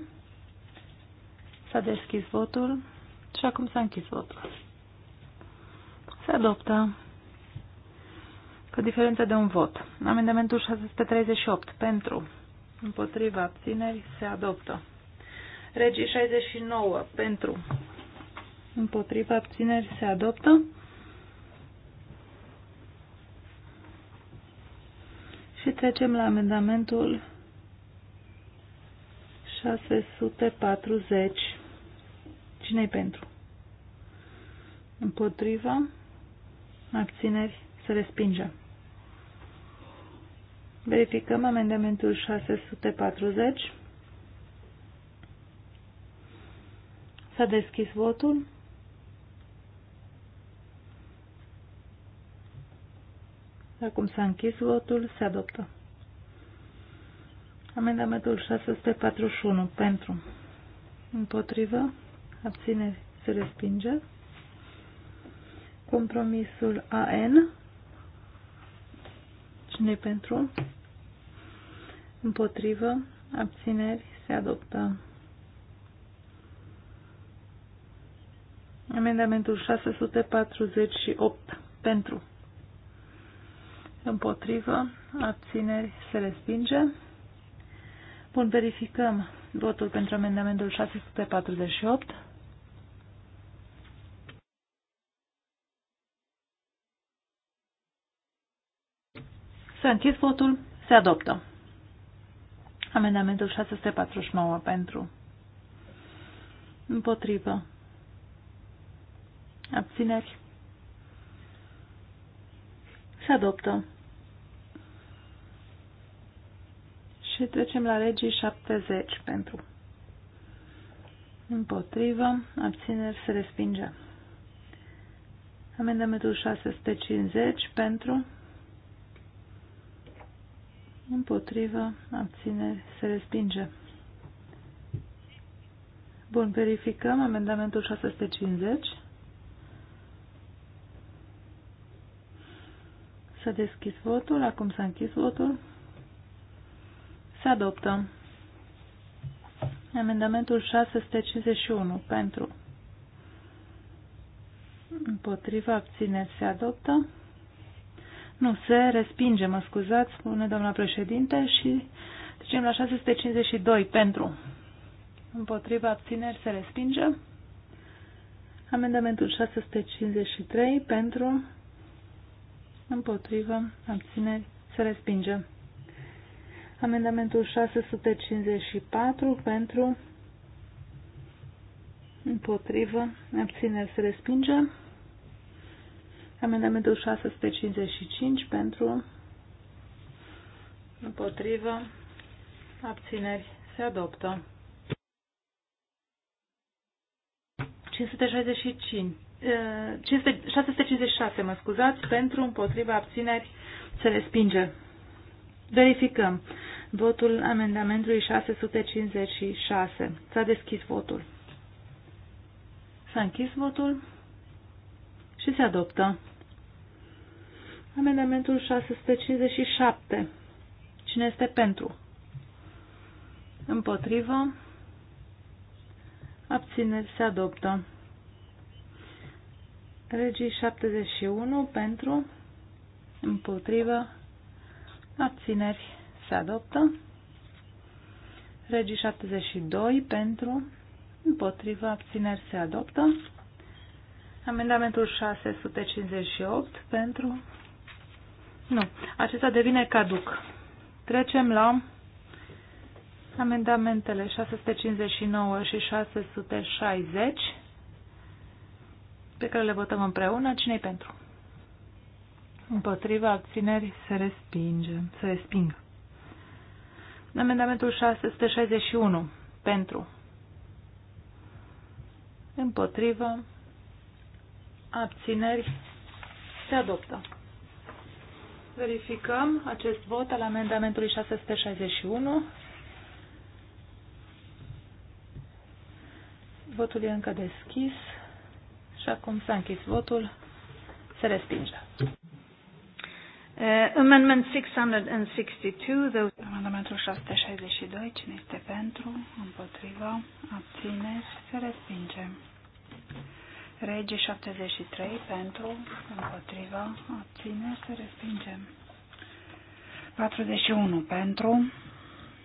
S-a deschis votul și acum s-a închis votul. Se adoptă cu diferență de un vot. Amendamentul 638. Pentru. Împotriva abțineri se adoptă. Regii 69. Pentru. Împotriva abțineri se adoptă. Și trecem la amendamentul 640. Cine-i pentru? Împotriva? Abțineri? se respinge. Verificăm amendamentul 640. S-a deschis votul. Acum s-a închis votul, se adoptă. Amendamentul 641 pentru, împotrivă, Abține. se respinge. Compromisul AN Cine pentru? Împotrivă. Abțineri. Se adoptă. Amendamentul 648. Pentru. Împotrivă. Abțineri. Se respinge. Bun, verificăm votul pentru amendamentul 648. S-a închis votul. Se adoptă. Amendamentul 649 pentru. Împotrivă. Abțineri. Se adoptă. Și trecem la legii 70 pentru. Împotrivă. Abțineri se respinge. Amendamentul 650 pentru împotrivă, abține, se respinge. Bun, verificăm amendamentul 650. S-a deschis votul, acum s-a închis votul. Se adoptă. Amendamentul 651 pentru împotriva abține se adoptă. Nu, se respinge, mă scuzați, spune doamna președinte și trecem la 652 pentru. Împotriva abțineri se respinge. Amendamentul 653 pentru. Împotriva abțineri se respinge. Amendamentul 654 pentru. Împotrivă. Abțineri se respinge. Amendamentul 655 pentru, împotrivă, abțineri, se adoptă. 565, 656, ă, mă scuzați, pentru, împotriva, abțineri, se respinge. Verificăm. Votul amendamentului 656. S-a deschis votul. S-a închis votul și se adoptă. Amendamentul 657. Cine este pentru? Împotrivă. Abțineri se adoptă. Regii 71 pentru, împotrivă, abțineri se adoptă. Regii 72 pentru, împotrivă, abțineri se adoptă. Amendamentul 658 pentru, nu. Acesta devine caduc. Trecem la amendamentele 659 și 660 pe care le votăm împreună. cine pentru? Împotriva abțineri se respinge. Se resping. Amendamentul 661. Pentru. Împotriva Abțineri se adoptă. Verificăm acest vot al amendamentului 661. Votul e încă deschis și acum s-a închis votul. Se respinge. Uh, amendment 662, Amendamentul 662, cine este pentru, împotriva, abțineri, se respinge. Rege 73 pentru, împotriva, abține, să respingem. 41 pentru,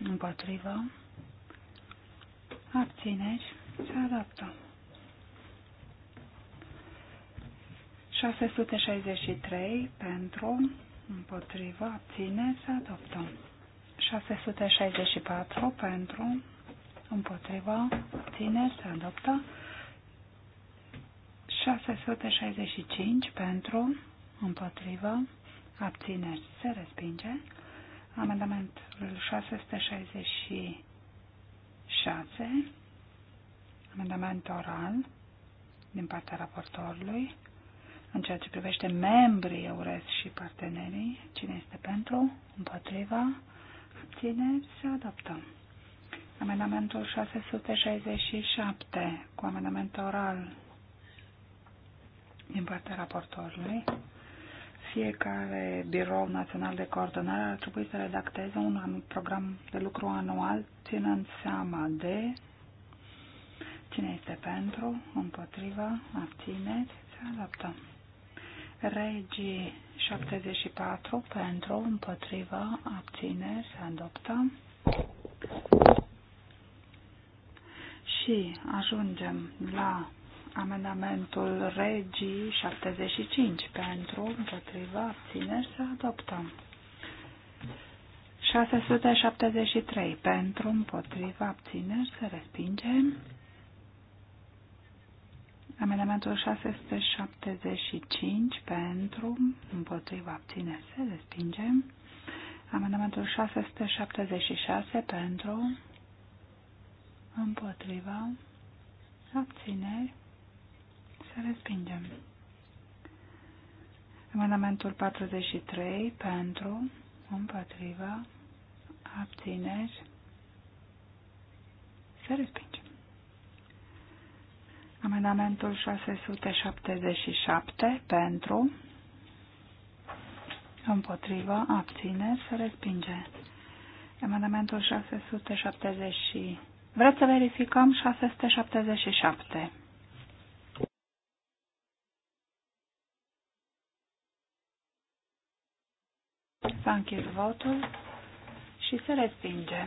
împotriva, abțineri, se adaptă. 663 pentru, împotriva, abține, se adoptă. 664 pentru, împotriva, abține, se adoptă. 665 pentru, împotrivă, abțineri, se respinge. Amendamentul 666, amendament oral din partea raportorului, în ceea ce privește membrii EURES și partenerii, cine este pentru, împotriva, abțineri, se adoptă. Amendamentul 667 cu amendament oral din partea raportorului. Fiecare birou național de coordonare ar trebui să redacteze un anumit program de lucru anual, ținând seama de cine este pentru, împotriva, abțineri, se adaptă. Regii 74 pentru, împotriva, abțineri, se adoptă. Și ajungem la Amendamentul regii 75 pentru, împotriva, abțineri să adoptăm. 673 pentru, împotriva, abțineri să respingem. Amendamentul 675 pentru, împotriva, abțineri să respingem. Amendamentul 676 pentru, împotriva, abțineri să respingem. Amendamentul 43 pentru, împotriva, abțineri, să respingem. Amendamentul 677 pentru, împotriva, abțineri, să respinge. Amendamentul 670. Vreți să verificăm 677. S-a închis votul și se respinge.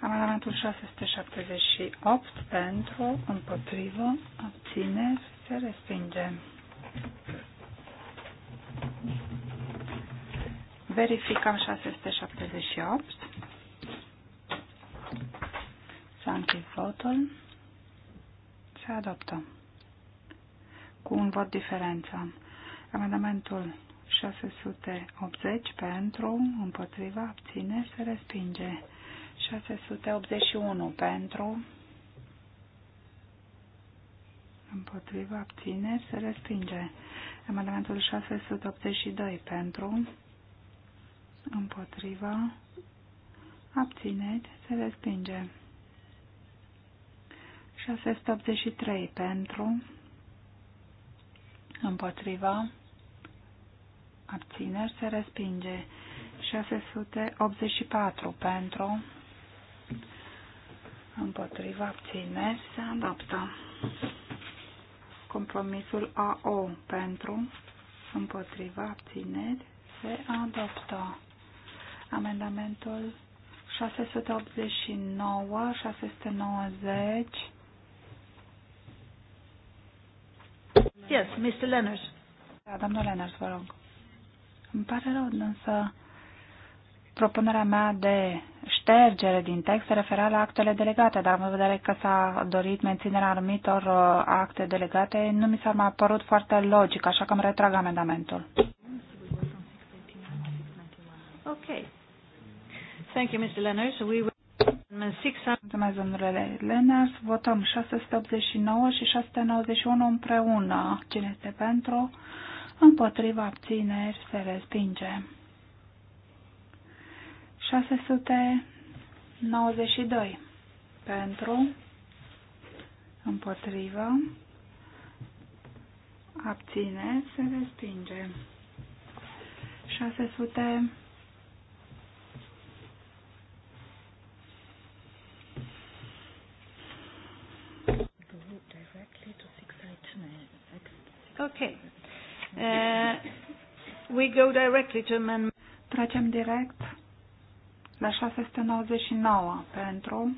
Amendamentul 678 pentru, împotrivă, abțineri, se respinge. Verificăm 678. S-a închis votul. Se adoptă. Cu un vot diferență. Amendamentul 680 pentru, împotriva, abține, se respinge. 681 pentru, împotriva, abține, se respinge. Amendamentul 682 pentru, împotriva, abține, se respinge. 683 pentru, împotriva, abțineri se respinge. 684 pentru, împotriva abțineri se adoptă. Compromisul AO pentru, împotriva abțineri se adoptă. Amendamentul 689, 690. Yes, Mr. Lenners. Da, domnul Lenners, vă rog. Îmi pare rău, însă propunerea mea de ștergere din text se referea la actele delegate, dar în vedere că s-a dorit menținerea anumitor uh, acte delegate, nu mi s-a mai părut foarte logic, așa că îmi retrag amendamentul. Ok. Thank you, Mr. Lenners. we will... Mulțumesc, domnule Lenars. Votăm 689 și 691 împreună. Cine este pentru? împotriva abțineri se respinge. 692 pentru, împotrivă, abține, se respinge. 600 Okay. Uh, we go directly to amendment. Trecem direct la 699 pentru,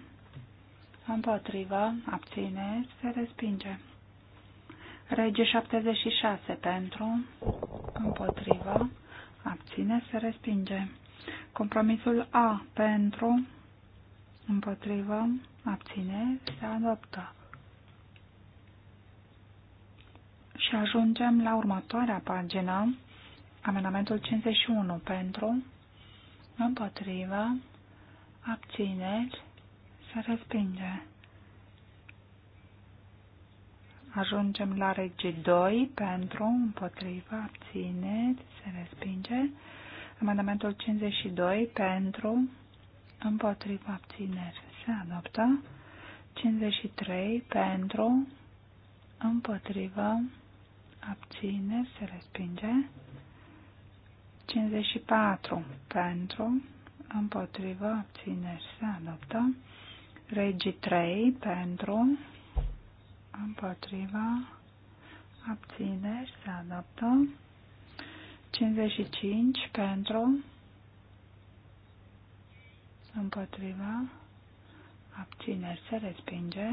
împotrivă, abține, se respinge. Rege 76 pentru, împotrivă, abține, se respinge. Compromisul A pentru, împotrivă, abține, se adoptă. Și ajungem la următoarea pagină, amenamentul 51 pentru, împotrivă, abțineri, se respinge. Ajungem la regi 2 pentru, împotrivă, abțineri, se respinge. Amendamentul 52 pentru, împotrivă, abțineri, se adoptă. 53 pentru, împotrivă, abține, se respinge. 54 pentru, împotrivă, abțineri, se adoptă. Regii 3 pentru, împotrivă, abțineri, se adoptă. 55 pentru, împotrivă, abțineri, se respinge.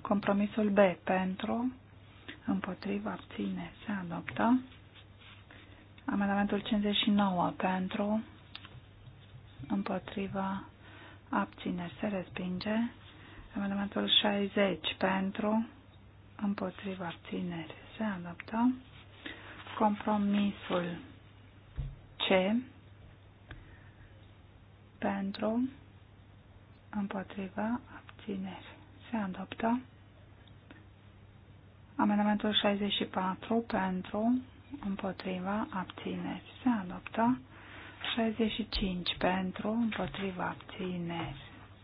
Compromisul B pentru, împotriva abține se adoptă. Amendamentul 59 pentru, împotriva abține se respinge. Amendamentul 60 pentru, împotriva abțineri se adoptă. Compromisul C pentru, împotriva abțineri se adoptă. Amendamentul 64 pentru, împotriva, abțineri se adoptă. 65 pentru, împotriva, abțineri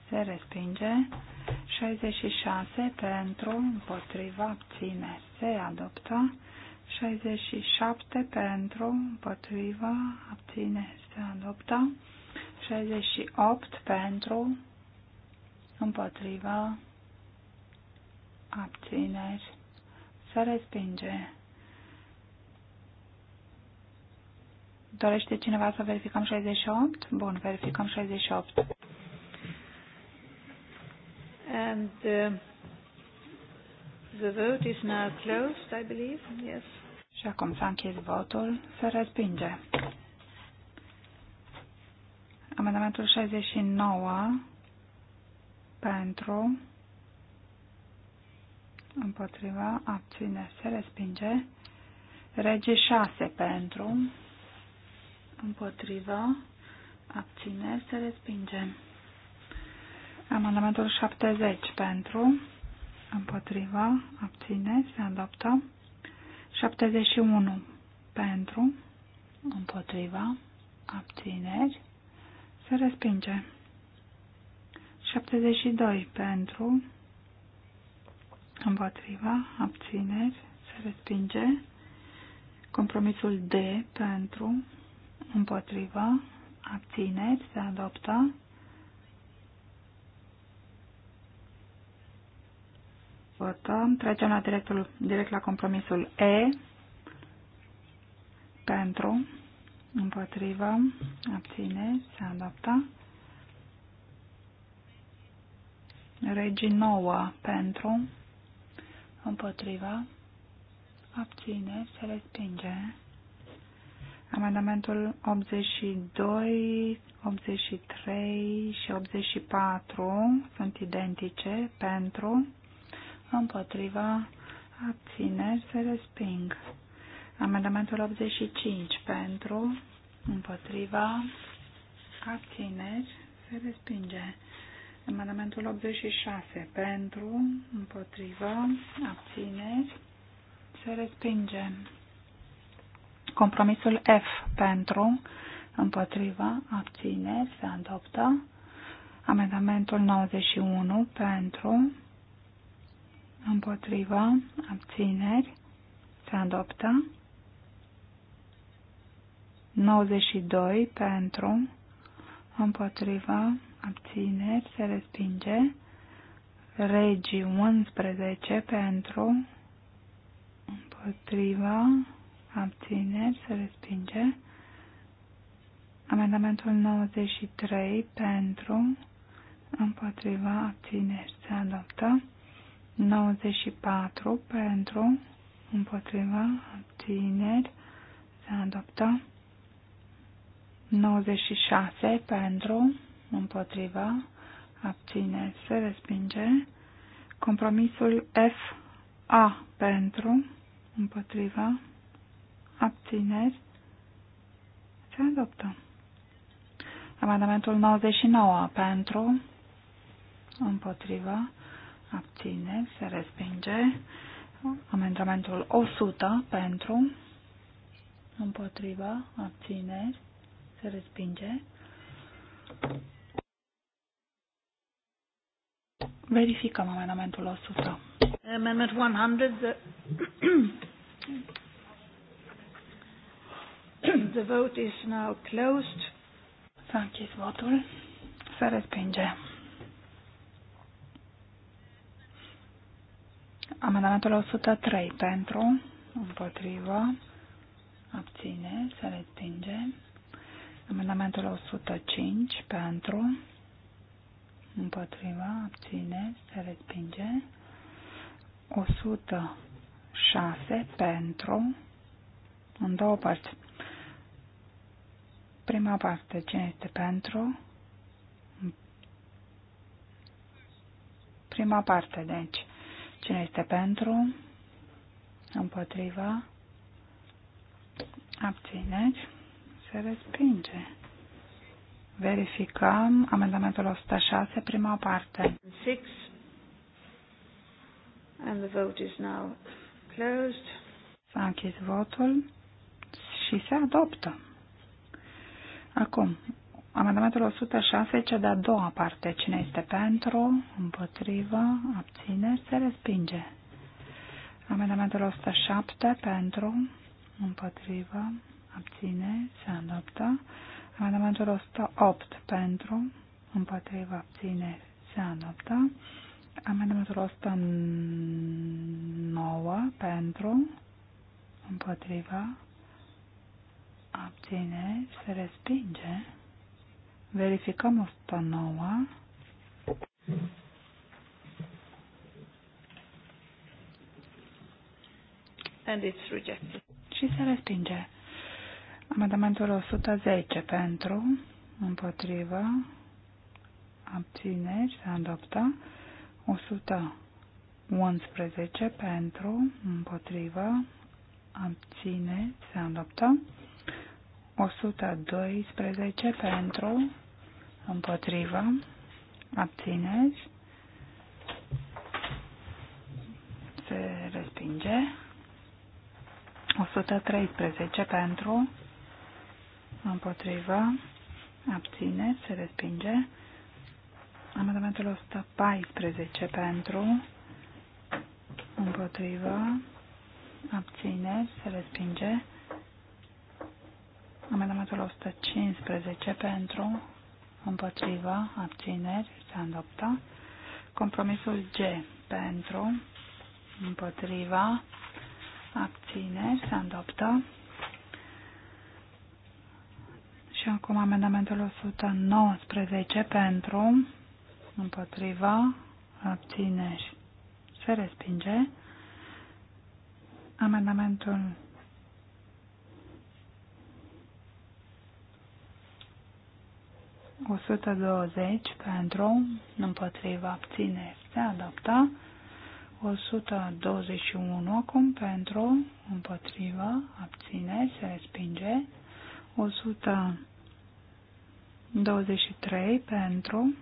se respinge. 66 pentru, împotriva, abțineri se adoptă. 67 pentru, împotriva, abțineri se adoptă. 68 pentru, împotriva, abțineri se respinge. Dorește cineva să verificăm 68? Bun, verificăm 68. And uh, the vote is now closed, I believe. Yes. Și acum s-a închis votul. Se respinge. Amendamentul 69 pentru împotriva, abține, se respinge. Rege 6 pentru, împotriva, abține, se respinge. Amendamentul 70 pentru, împotriva, abține, se adoptă. 71 pentru, împotriva, abțineri, se respinge. 72 pentru, împotriva, abțineri, se respinge. Compromisul D pentru, împotriva, abțineri, se adoptă. Votăm. Trecem la directul, direct la compromisul E. Pentru, împotriva, abțineri, se adoptă. Regii 9 pentru, împotriva, abține, se respinge. Amendamentul 82, 83 și 84 sunt identice pentru, împotriva, abține, se resping. Amendamentul 85 pentru, împotriva, abțineri, se respinge. Amendamentul 86 pentru, împotrivă, abțineri, se respinge. Compromisul F pentru, împotrivă, abțineri, se adoptă. Amendamentul 91 pentru, împotrivă, abțineri, se adoptă. 92 pentru, împotriva, abțineri, se respinge. Regii 11 pentru, împotriva, abțineri, se respinge. Amendamentul 93 pentru, împotriva, abțineri, se adoptă. 94 pentru, împotriva, abțineri, se adoptă. 96 pentru, împotriva, abține, se respinge. Compromisul F a pentru, împotriva, abțineri, se adoptă. Amendamentul 99 pentru, împotriva, abțineri, se respinge. Amendamentul 100 pentru, împotriva, abțineri, se respinge. Verificăm amendamentul 100. Amendment 100. The, the vote is now closed. S-a închis votul. Se respinge. Amendamentul 103 pentru, împotrivă, abține, se respinge. Amendamentul 105 pentru, împotriva, abține, se respinge. 106 pentru, în două părți. Prima parte, cine este pentru? Prima parte, deci, cine este pentru? Împotriva, abțineți, se respinge. Verificăm amendamentul 106, prima parte. And the vote is now closed. S-a închis votul și se adoptă. Acum, amendamentul 106, cea de-a doua parte. Cine este pentru, împotrivă, abține, se respinge. Amendamentul 107, pentru, împotrivă, abține, se adoptă. Amendamentul 108 pentru, împotriva abțineri se adoptă. Amendamentul 109 pentru, împotriva abțineri se respinge. Verificăm 109. And it's rejected. Și se respinge. Amendamentul 110 pentru, împotrivă, abțineri, se adoptă. 111 pentru, împotrivă, abțineri, se adoptă. 112 pentru, împotrivă, abțineri, se respinge. 113 pentru, împotriva, abține, se respinge. Amendamentul 114 pentru, împotriva, abține, se respinge. Amendamentul 115 pentru, împotriva, abțineri, se adoptă. Compromisul G pentru, împotriva, abțineri, se adoptă. Și acum amendamentul 119 pentru, împotriva, și se respinge. Amendamentul O 120 pentru, împotriva abține se adoptă, 121 acum pentru, împotriva abține se respinge, 100 23 pentru,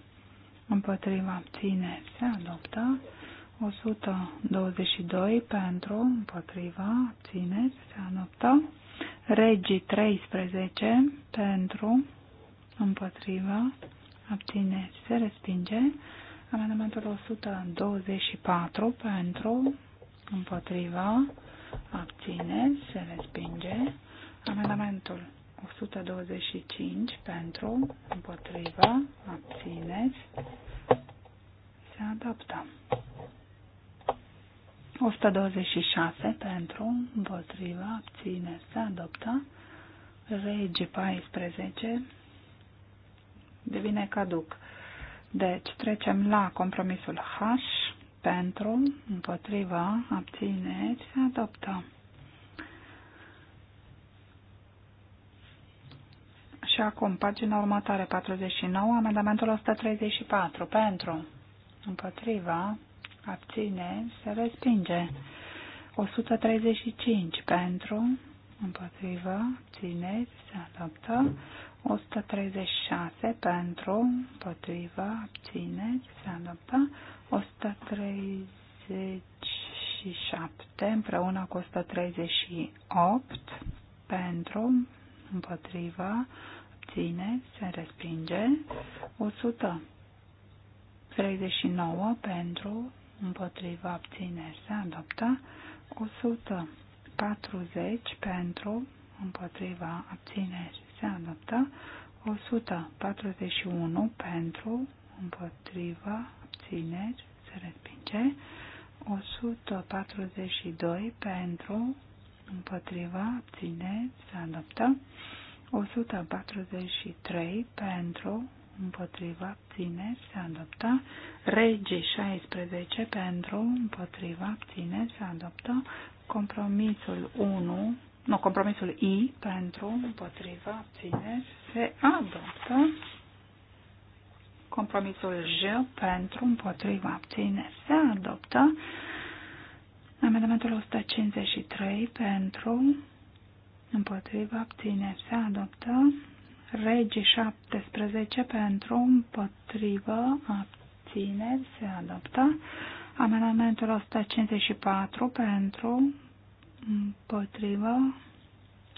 împotriva abține, se adoptă. 122 pentru, împotriva abține, se adoptă. Regii 13 pentru, împotriva abține, se respinge. Amendamentul 124 pentru, împotriva abține, se respinge. Amendamentul 125 pentru, împotriva, abțineți, se adoptă. 126 pentru, împotriva, abține, se adoptă. Rege 14 devine caduc. Deci trecem la compromisul H pentru, împotriva, abțineți, se adoptă. Și acum, pagina următoare, 49, amendamentul 134. Pentru, împotriva, abține, se respinge. 135 pentru, împotriva, abține, se adoptă. 136 pentru, împotriva, abține, se adoptă. 137 împreună cu 138 pentru, împotriva, abține, se respinge. 139 pentru, împotriva, abțineri, se adoptă. 140 pentru, împotriva, abțineri, se adoptă. 141 pentru, împotriva, abțineri, se respinge. 142 pentru, împotriva, abțineri, se adoptă. 143 pentru, împotriva, abțineri, se adoptă. Regii 16 pentru, împotriva, abțineri, se adoptă. Compromisul 1, nu, compromisul I pentru, împotriva, abțineri, se adoptă. Compromisul J pentru, împotriva, abțineri, se adoptă. Amendamentul 153 pentru, împotriva tineri. se adoptă. Regi 17 pentru împotriva abțineri se adoptă. Amendamentul 154 pentru împotriva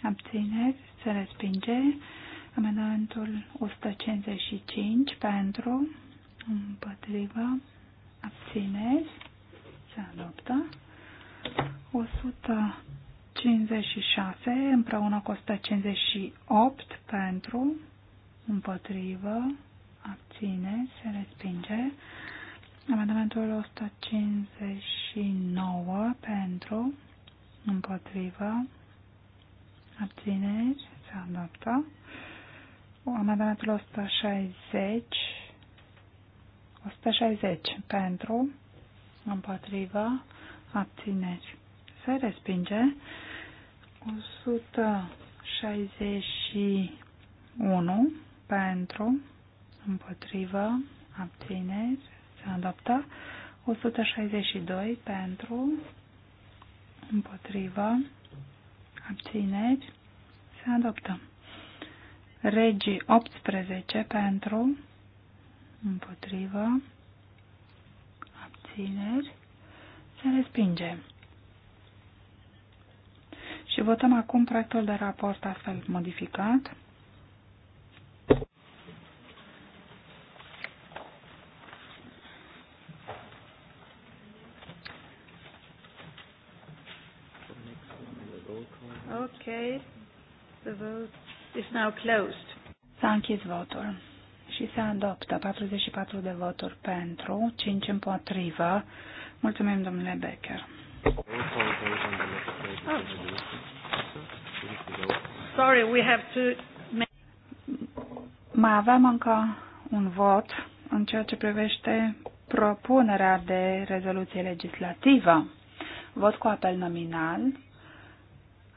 abțineri se respinge. Amendamentul 155 pentru împotriva abțineri se adoptă. 100 56 împreună cu 158 pentru, împotrivă, abține, se respinge. Amendamentul 159 pentru, împotrivă, abține, se adoptă. Amendamentul 160, 160 pentru, împotrivă, abțineri se respinge. 161 pentru, împotrivă, abțineri, se adoptă. 162 pentru, împotrivă, abțineri, se adoptă. Regii 18 pentru, împotrivă, abțineri, se respinge. Și votăm acum proiectul de raport astfel modificat. Okay. The vote is now closed. S-a închis votul și se adoptă 44 de voturi pentru, 5 împotrivă. Mulțumim, domnule Becker. Sorry, we have to... Mai avem încă un vot în ceea ce privește propunerea de rezoluție legislativă. Vot cu apel nominal,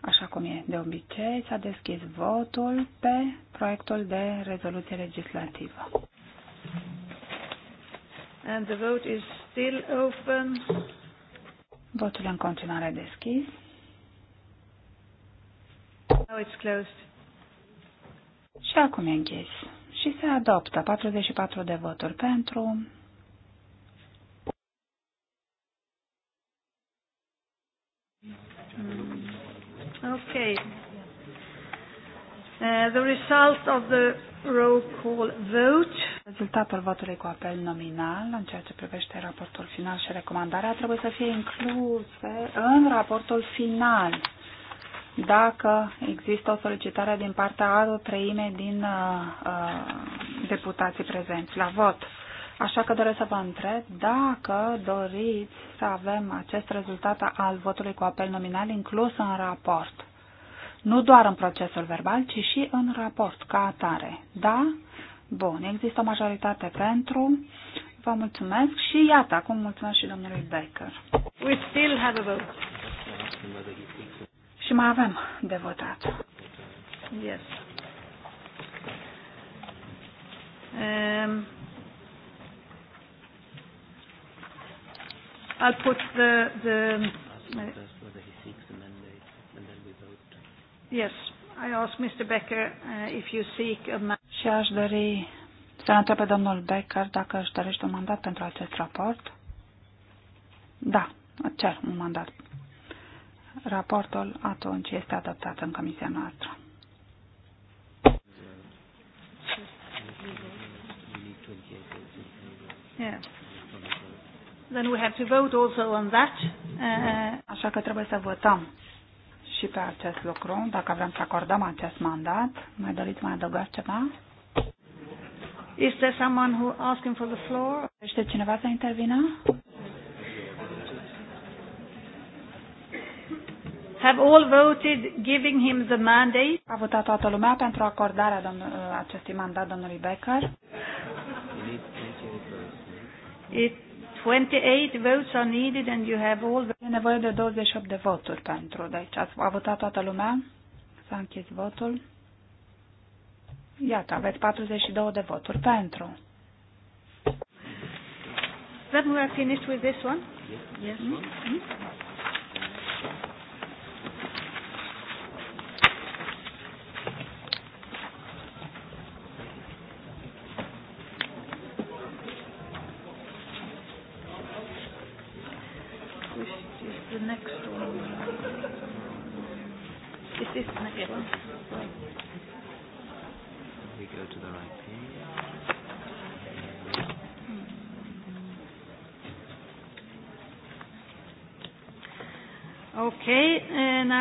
așa cum e de obicei, s-a deschis votul pe proiectul de rezoluție legislativă. And the vote is still open. Votul în continuare deschis. Now it's closed. Și acum e închis. Și se adoptă 44 de voturi pentru, Okay. Uh, the result of the roll call vote. Rezultatul votului cu apel nominal în ceea ce privește raportul final și recomandarea trebuie să fie incluse în raportul final dacă există o solicitare din partea a o treime din uh, uh, deputații prezenți la vot. Așa că doresc să vă întreb dacă doriți să avem acest rezultat al votului cu apel nominal inclus în raport. Nu doar în procesul verbal, ci și în raport, ca atare. Da? Bun, există o majoritate pentru. Vă mulțumesc și iată, acum mulțumesc și domnului Becker. We still have a vote. Și mai avem de votat. Yes. Um, I'll put the, the Yes, I ask Mr. Becker uh, if you seek a și aș dori să întreb pe domnul Becker dacă își dorește un mandat pentru acest raport. Da, cer un mandat. Raportul atunci este adoptat în comisia noastră. Yes. Then we have to vote also on that. Uh, Așa că trebuie să votăm și pe acest lucru, dacă vrem să acordăm acest mandat. Mai doriți mai adăugați ceva? Is there someone who asking for the floor? Este cineva să intervină? Have all voted giving him the mandate? A votat toată lumea pentru acordarea acestui mandat domnului Becker. It 28 votes are needed and you have all E nevoie de 28 de voturi pentru, deci a votat toată lumea. S-a închis votul. Iată, aveți 42 de voturi pentru. That we are finished with this one? Yes. yes. Mm -hmm. hmm?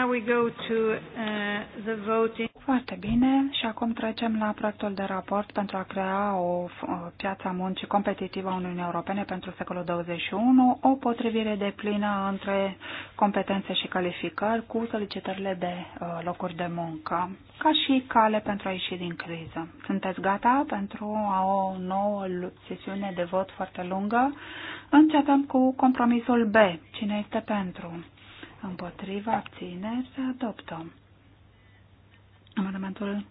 Now we go to uh, the voting. Foarte bine și acum trecem la proiectul de raport pentru a crea o piață a muncii competitivă a Uniunii Europene pentru secolul 21, o potrivire de plină între competențe și calificări cu solicitările de uh, locuri de muncă, ca și cale pentru a ieși din criză. Sunteți gata pentru o nouă sesiune de vot foarte lungă? Începem cu compromisul B. Cine este pentru? împotriva, abțineri, să adoptă. Amendamentul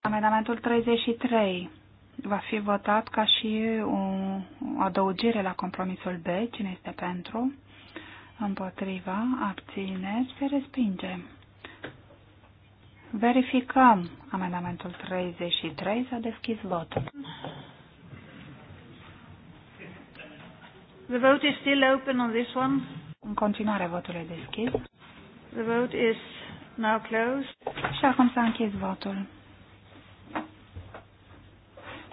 Amendamentul 33 va fi votat ca și o adăugire la compromisul B. Cine este pentru? Împotriva, abțineri, se respinge. Verificăm amendamentul 33. S-a deschis votul. The vote is still open on this one. În continuare votul e deschis. The vote is now closed. Și acum s-a închis votul.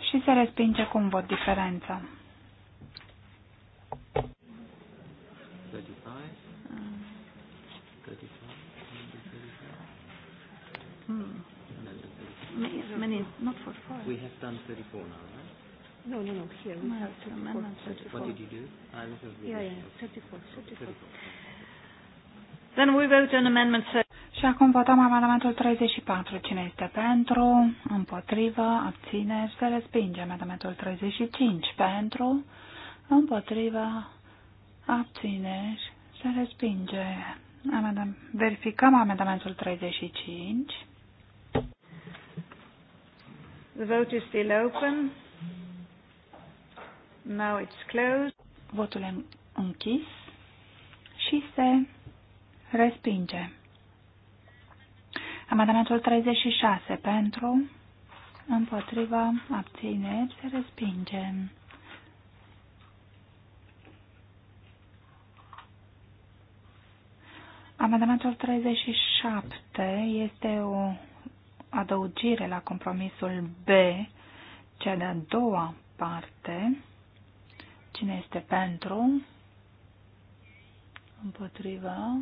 Și se respinge cu un vot diferență. Hmm. Many, many, not for four. We have done 34 now, right? No, no, no. Here we no, have 34. 34. What did you do? Ah, yeah, yeah, 34, 34. 34. Then we vote on amendment 34. Și acum votăm amendamentul 34. Cine este pentru? Împotrivă? Abțineri? Se respinge. Amendamentul 35. Pentru? Împotrivă? Abțineri? Se respinge. Verificăm amendamentul 35. The vote is still open. Now it's closed. Votul e închis și se respinge. Amendamentul 36 pentru, împotriva, abține, se respinge. Amendamentul 37 este o adăugire la compromisul B, cea de-a doua parte. Cine este pentru? Împotriva.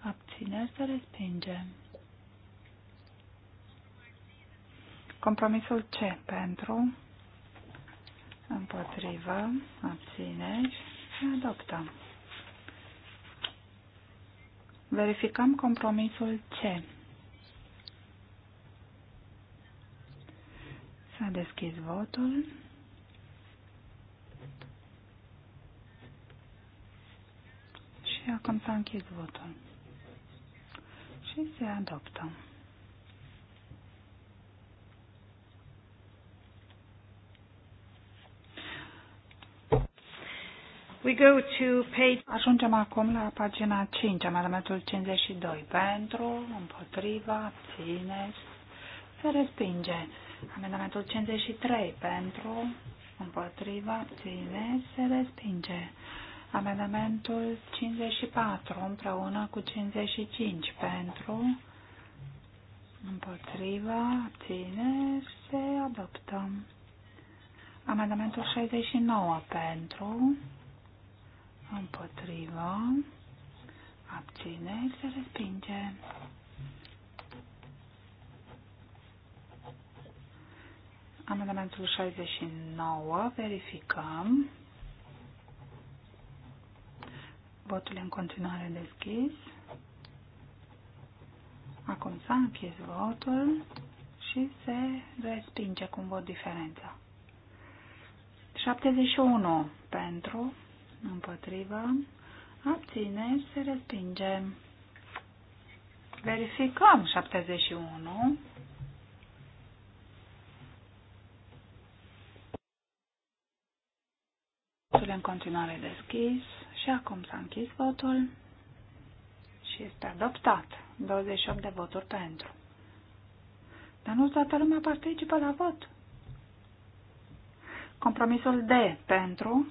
Abțineri să respinge. Compromisul C pentru împotrivă, abțineri, adoptăm. Verificăm compromisul C. S-a deschis votul. Și acum s-a închis votul. Și se adoptă. We go to page... Ajungem acum la pagina 5, amendamentul 52. Pentru, împotriva, abțineri, se respinge. Amendamentul 53 pentru, împotriva, ține, se respinge. Amendamentul 54 împreună cu 55 pentru, împotriva, ține, se adoptă. Amendamentul 69 pentru, împotriva, abține, se respinge. Amendamentul 69. Verificăm. Votul în continuare deschis. Acum s-a închis votul și se respinge cu un vot diferență. 71 pentru, împotriva, abține, se respinge. Verificăm 71. Votul în continuare deschis și acum s-a închis votul și este adoptat. 28 de voturi pentru. Dar nu toată lumea participă la vot. Compromisul D pentru,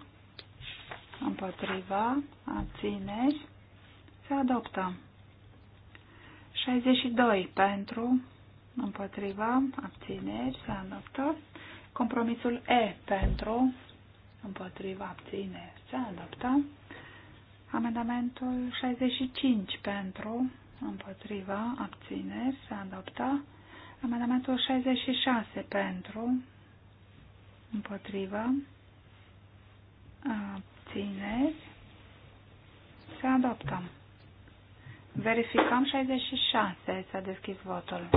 împotriva, abțineri, se adoptă. 62 pentru, împotriva, abțineri, se adoptă. Compromisul E pentru, împotriva abține se adoptă. Amendamentul 65 pentru, împotriva abține se adoptă. Amendamentul 66 pentru, împotriva abține se adoptă. Verificăm 66. S-a deschis votul.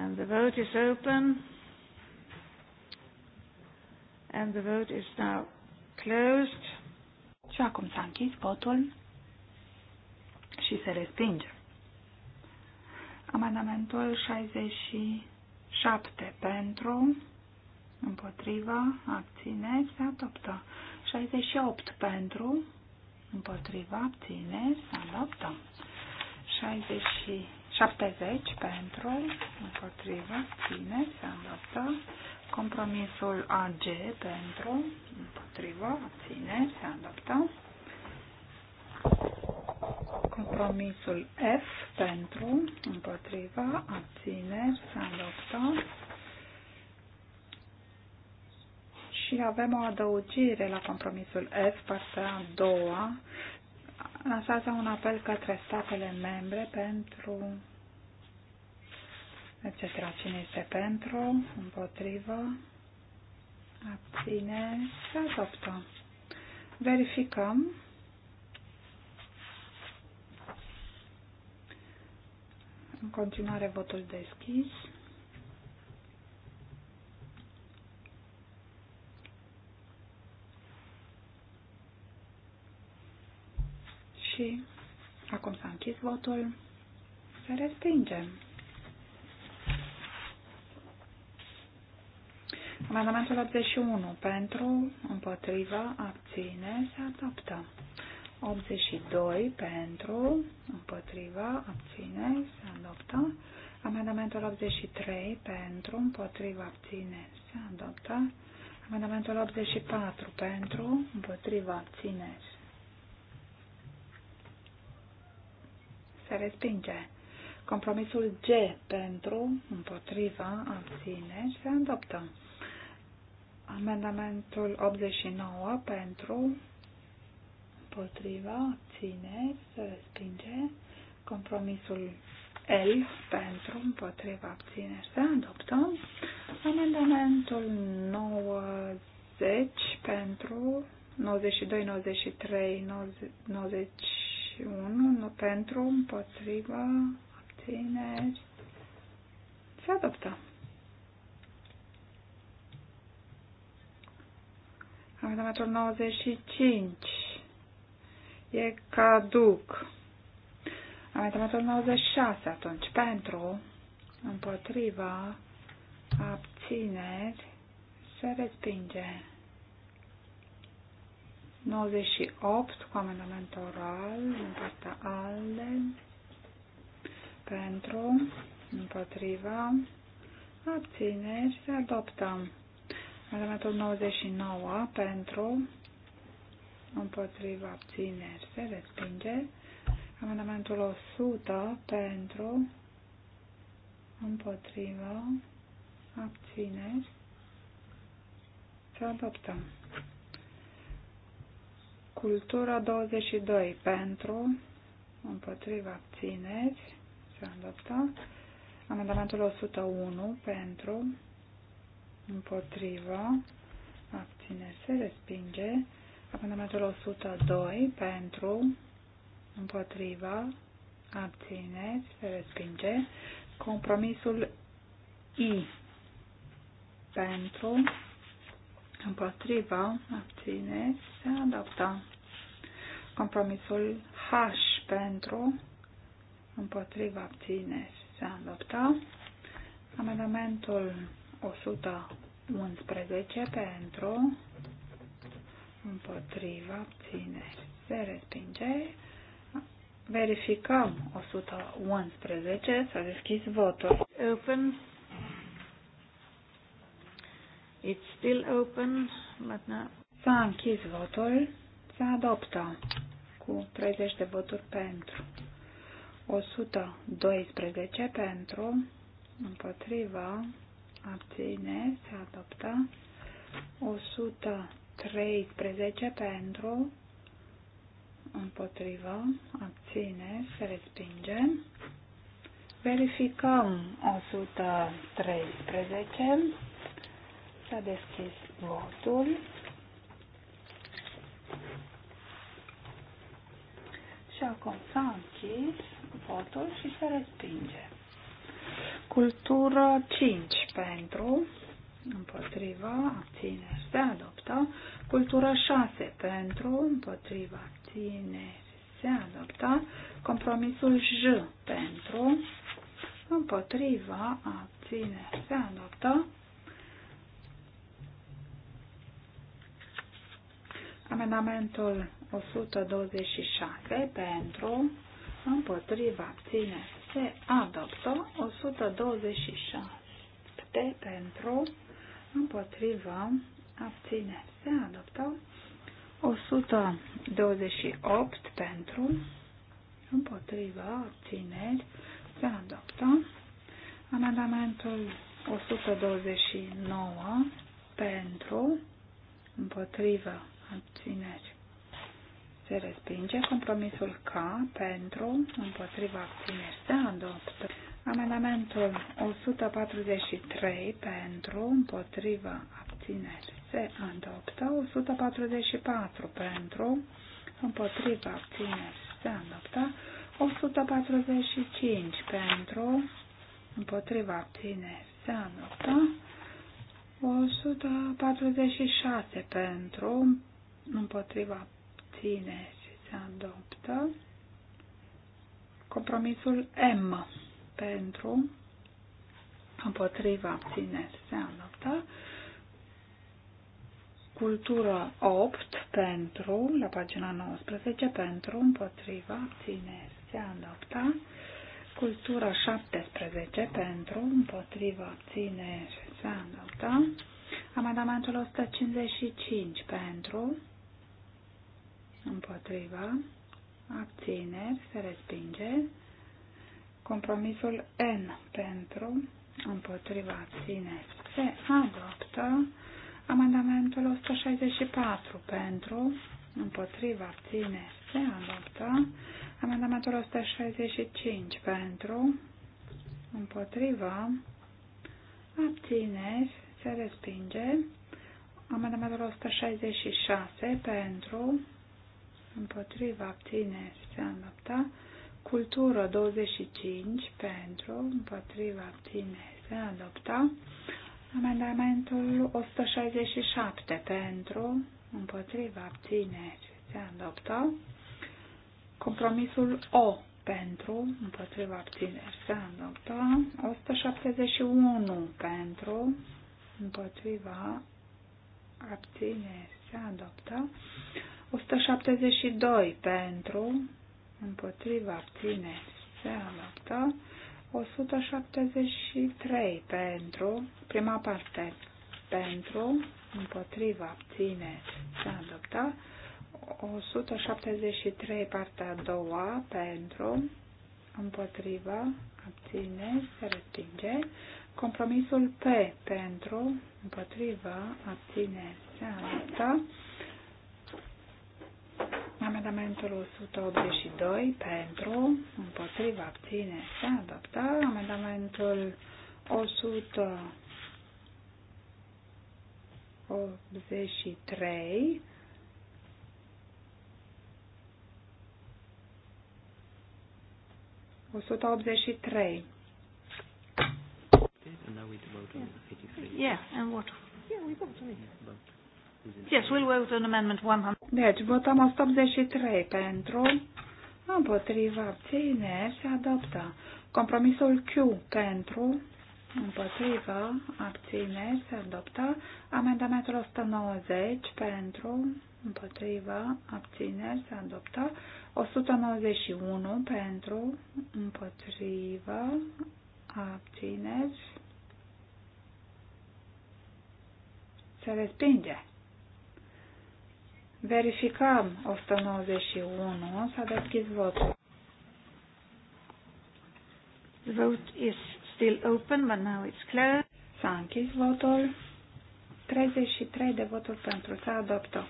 And the vote is open. And the vote is now closed. Și acum s-a închis votul și se respinge. Amendamentul 67 pentru, împotriva, abțineri, se adoptă. 68 pentru, împotriva, abțineri, se adoptă. 60, 70 pentru, împotriva, abțineri, se adoptă. Compromisul AG pentru, împotrivă, abține, se adoptă. Compromisul F pentru, împotriva, abține, se adoptă. Și avem o adăugire la compromisul F, partea a doua, lansează un apel către statele membre pentru etc. Cine este pentru, împotrivă, abține, se adoptă. Verificăm. În continuare votul deschis. Și acum s-a închis votul. Să respingem. Amendamentul 81 pentru, împotriva, abține, se adoptă. 82 pentru, împotriva, abține, se adoptă. Amendamentul 83 pentru, împotriva, abține, se adoptă. Amendamentul 84 pentru, împotriva, abține, se respinge. Compromisul G pentru, împotriva, abține, se adoptă. Amendamentul 89 pentru, împotriva, ține, se respinge. Compromisul L pentru, împotriva, ține, se adoptă. Amendamentul 90 pentru, 92, 93, 91, nu pentru, împotriva, ține. se adoptă. Amendamentul 95 e caduc. Amendamentul 96 atunci pentru, împotriva, abțineri, se respinge. 98 cu amendament oral din partea ALDE pentru, împotriva, abțineri, se adoptă. Elementul 99 pentru împotriva abțineri se respinge. Amendamentul 100 pentru împotriva abțineri se adoptă. Cultura 22 pentru împotriva abțineri se adoptă. Amendamentul 101 pentru împotriva, abține, se respinge. Amendamentul 102 pentru, împotriva, abține, se respinge. Compromisul I pentru, împotriva, abține, se adoptă. Compromisul H pentru, împotriva, abține, se adoptă. Amendamentul 111 pentru, împotriva, abțineri, se respinge. Verificăm 111, s-a deschis votul. Open. It's still open, but now... S-a închis votul, se adoptă cu 30 de voturi pentru, 112 pentru, împotriva, abține, se adoptă. 113 pentru, împotrivă, abține, se respinge. Verificăm 113. S-a deschis votul. Și acum s-a închis votul și se respinge. Cultură 5 pentru, împotriva, abțineri se adoptă. Cultură 6 pentru, împotriva, abțineri se adoptă. Compromisul J pentru, împotriva, abțineri se adoptă. Amendamentul 126 pentru, împotriva, abțineri se adoptă 127 pentru împotriva abține se adoptă 128 pentru împotriva abțineri se adoptă amendamentul 129 pentru împotriva abțineri se respinge. Compromisul K pentru, împotriva abțineri se adoptă. Amendamentul 143 pentru, împotriva abțineri se adoptă. 144 pentru, împotriva abțineri se adoptă. 145 pentru, împotriva abțineri se adoptă. 146 pentru, împotriva și se adoptă. Compromisul M pentru împotriva și se adoptă. Cultură 8 pentru, la pagina 19, pentru împotriva și se adoptă. Cultura 17 pentru împotriva și se adoptă. Amendamentul 155 pentru împotriva, abțineri, se respinge. Compromisul N pentru, împotriva, abțineri, se adoptă. Amendamentul 164 pentru, împotriva, abțineri, se adoptă. Amendamentul 165 pentru, împotriva, abțineri, se respinge. Amendamentul 166 pentru, împotriva abțineri se înlăpta, cultură 25 pentru, împotriva abțineri se adoptă, amendamentul 167 pentru, împotriva abțineri se adoptă, compromisul O pentru, împotriva abțineri se adoptă, 171 pentru, împotriva abțineri se adoptă, 172 pentru, împotriva abțineri se adoptă. 173 pentru, prima parte pentru, împotriva abțineri se adoptă. 173 partea a doua pentru, împotriva abține, se respinge. Compromisul P pentru, împotriva abține, se adoptă. Amendamentul 182 pentru, împotriva, abține, se adoptă. Amendamentul 183 183 83. Yeah, and what? Yeah, we got to Yes, we'll vote on amendment 100. Deci, votăm 183 pentru, împotriva, abțineri, se adoptă. Compromisul Q pentru, împotriva, abține, se adoptă. Amendamentul 190 pentru, împotriva, abține, se adoptă. 191 pentru, împotriva, abține, se respinge. Verificăm 191. S-a deschis votul. The vote is still open, but now it's closed. S-a închis votul. 33 de voturi pentru. a adoptat.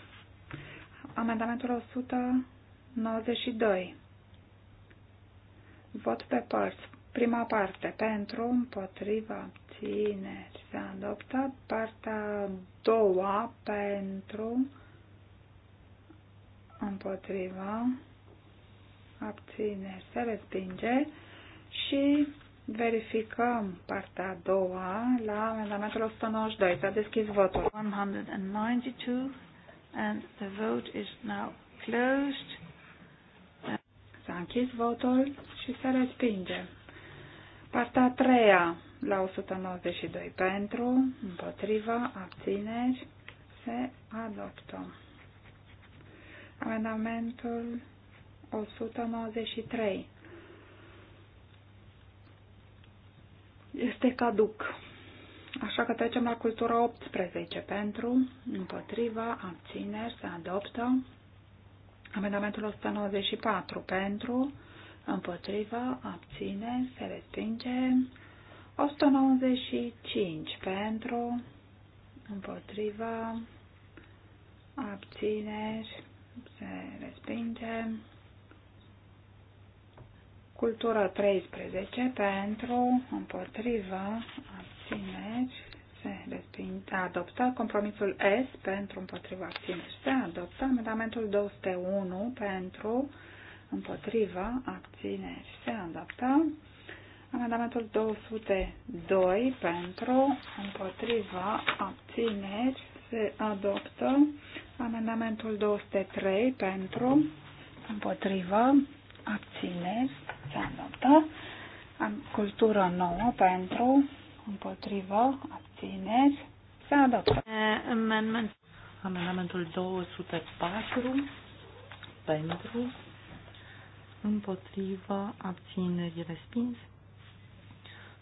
Amendamentul 192. Vot pe părți. Prima parte. Pentru, împotriva, abțineri. Se adoptă. Partea a doua. Pentru, împotriva, abține, se respinge și verificăm partea a doua la amendamentul 192. S-a deschis votul. 192 and the vote is now closed. S-a închis votul și se respinge. Partea a treia la 192 pentru, împotriva, abțineri, se adoptă. Amendamentul 193 este caduc. Așa că trecem la cultura 18 pentru, împotriva, abțineri, se adoptă. Amendamentul 194 pentru, împotriva, abțineri, se respinge. 195 pentru, împotriva, abțineri, se respinge. Cultura 13 pentru, împotriva, abțineri, se respinge. Adoptă compromisul S pentru, împotriva, abțineri. Se adoptă amendamentul 201 pentru, împotriva, abțineri. Se adoptă amendamentul 202 pentru, împotriva, abțineri. Se adoptă Amendamentul 203 pentru, împotrivă, abțineri, se adoptă. Cultură nouă pentru, împotrivă, abțineri, se adoptă. Uh, amendment. Amendamentul 204 pentru, împotrivă, abțineri, respins.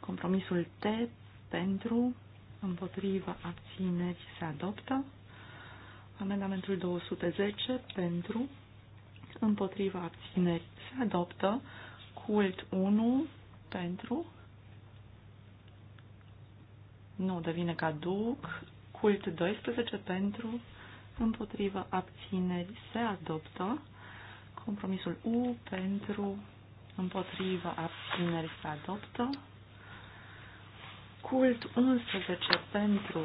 Compromisul T pentru, împotrivă, abțineri, se adoptă. Amendamentul 210 pentru, împotriva abțineri se adoptă. Cult 1 pentru, nu devine caduc. Cult 12 pentru, împotriva abțineri se adoptă. Compromisul U pentru, împotriva abțineri se adoptă. Cult 11 pentru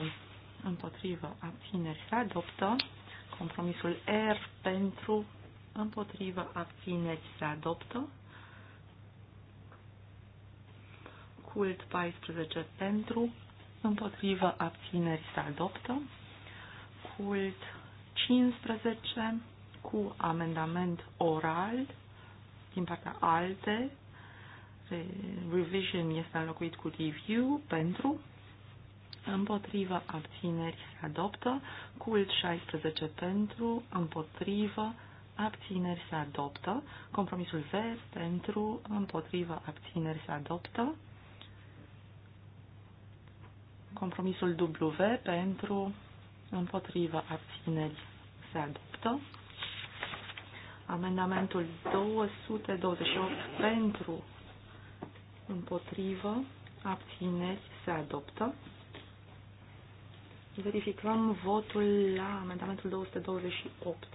împotrivă, abțineri se adoptă. Compromisul R pentru, împotrivă, abțineri se adoptă. Cult 14 pentru, împotrivă, abțineri se adoptă. Cult 15 cu amendament oral din partea alte. Revision este înlocuit cu review pentru împotrivă, abțineri, se adoptă. Cult 16 pentru, împotrivă, abțineri, se adoptă. Compromisul V pentru, împotrivă, abțineri, se adoptă. Compromisul W pentru, împotrivă, abțineri, se adoptă. Amendamentul 228 pentru, împotrivă, abțineri, se adoptă. Verificăm votul la amendamentul 228.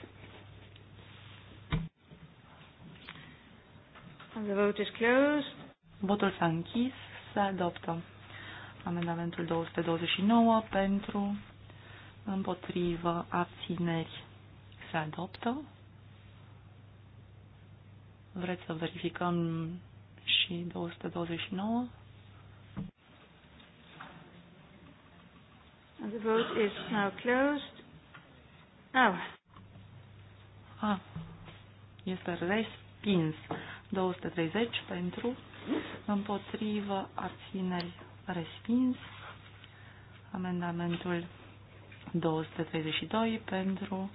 The vote is closed. Votul s-a închis. Se adoptă amendamentul 229 pentru, împotrivă, abțineri. Se adoptă. Vreți să verificăm și 229? And the vote is now closed. Oh. Ah. Este respins. 230 pentru, împotrivă, abțineri, respins. Amendamentul 232 pentru,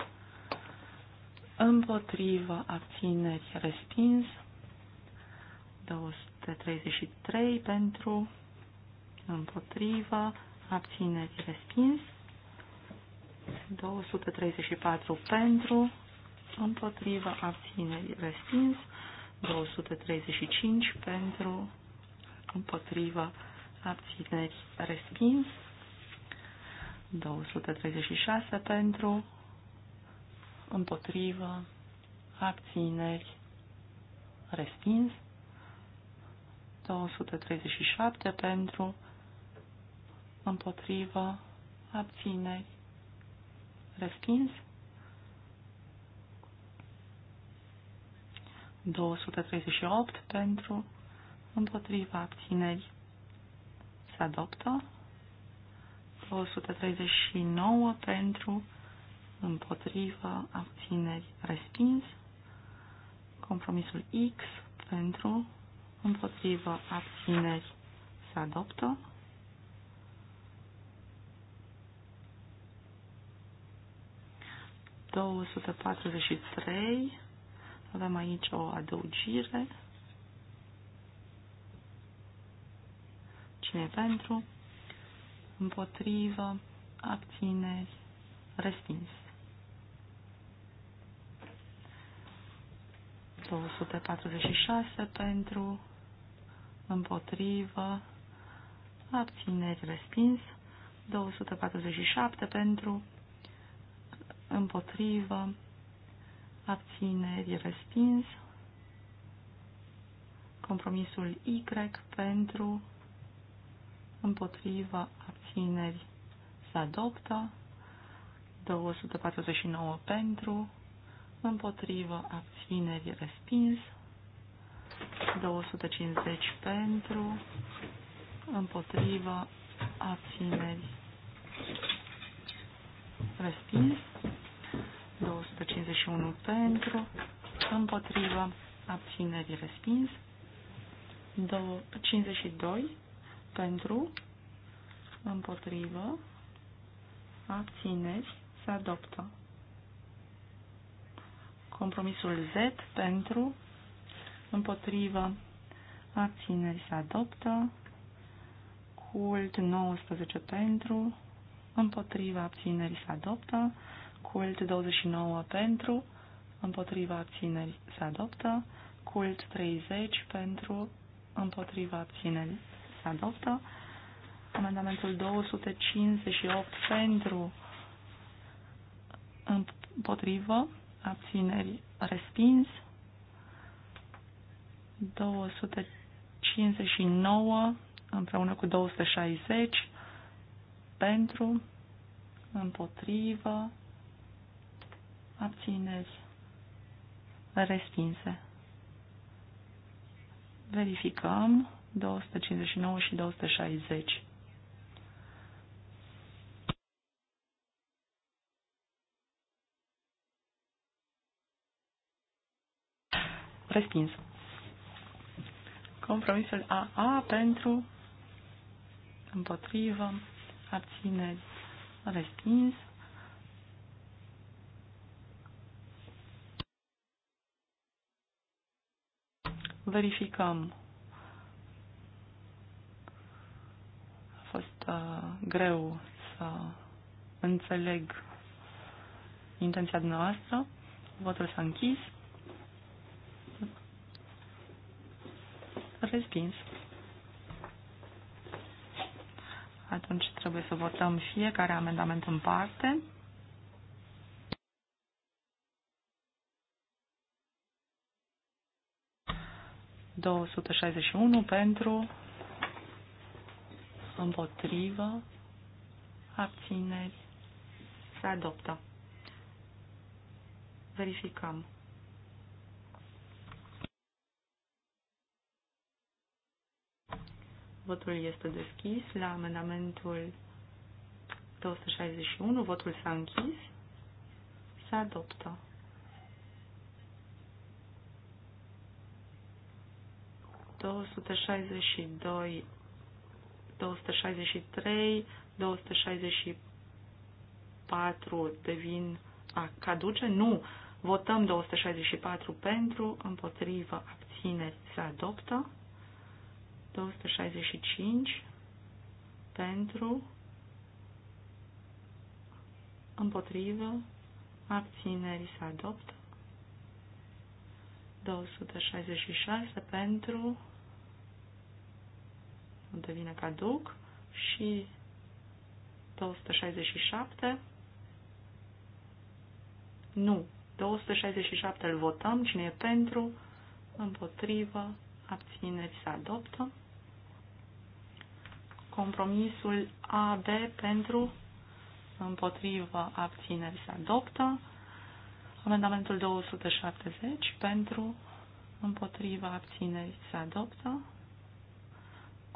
împotrivă, abțineri, respins. 233 pentru, împotrivă, abțineri respins, 234 pentru, împotriva abțineri respins, 235 pentru, împotriva abțineri respins, 236 pentru, împotriva abțineri respins, 237 pentru, împotrivă, abțineri, respins. 238 pentru, împotriva, abțineri, se adoptă. 239 pentru, împotriva abțineri, respins. Compromisul X pentru, împotriva abțineri, se adoptă. 243. Avem aici o adăugire. Cine e pentru? Împotrivă? Abțineri? Respins. 246 pentru, împotrivă, abțineri respins, 247 pentru, împotrivă, abțineri respins, compromisul Y pentru, împotrivă, abțineri se adoptă, 249 pentru, împotrivă, abțineri respins, 250 pentru, împotrivă, abțineri. Respins. 251 pentru, împotrivă, abțineri respins. 52 pentru, împotrivă, abțineri se adoptă. Compromisul Z pentru, împotrivă, abțineri se adoptă. Cult 19 pentru, împotriva abținerii se adoptă. Cult 29 pentru, împotriva abțineri se adoptă. Cult 30 pentru, împotriva abțineri se adoptă. Amendamentul 258 pentru, împotrivă, abțineri respins. 259 împreună cu 260 pentru, împotrivă, abțineri, respinse. Verificăm 259 și 260. Respins. Compromisul AA pentru, împotrivă, abțineri, respins. Verificăm. A fost uh, greu să înțeleg intenția dumneavoastră. Votul s-a închis. Respins. Atunci trebuie să votăm fiecare amendament în parte. 261 pentru, împotrivă, abțineri, se adoptă. Verificăm. Votul este deschis la amendamentul 261. Votul s-a închis. Se adoptă. 262, 263, 264 devin a, caduce. Nu. Votăm 264 pentru, împotrivă, abțineri, se adoptă. 265 pentru, împotrivă, abțineri, se adoptă. 266 pentru, devine caduc și 267 nu, 267 îl votăm, cine e pentru, împotrivă, abțineri se adoptă. Compromisul AB pentru, împotrivă, abțineri se adoptă. Amendamentul 270 pentru, împotriva abțineri se adoptă.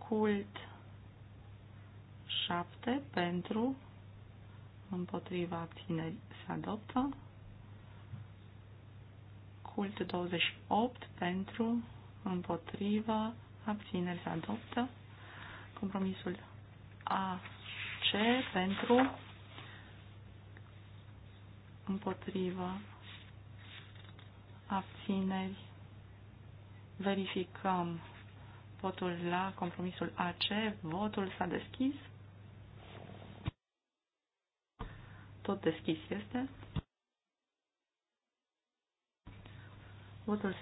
Cult 7 pentru împotriva abținerii se adoptă. Cult 28 pentru împotriva abțineri se adoptă. Compromisul AC pentru împotriva abțineri verificăm votul la compromisul AC. Votul s-a deschis. Tot deschis este. Votul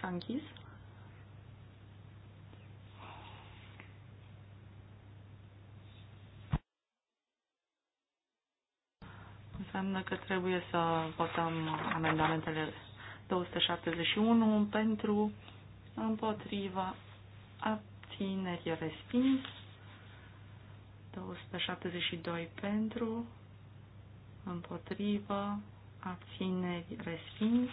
s-a închis. Înseamnă că trebuie să votăm amendamentele 271 pentru împotriva abțineri respins, 272 pentru, împotriva abțineri respins,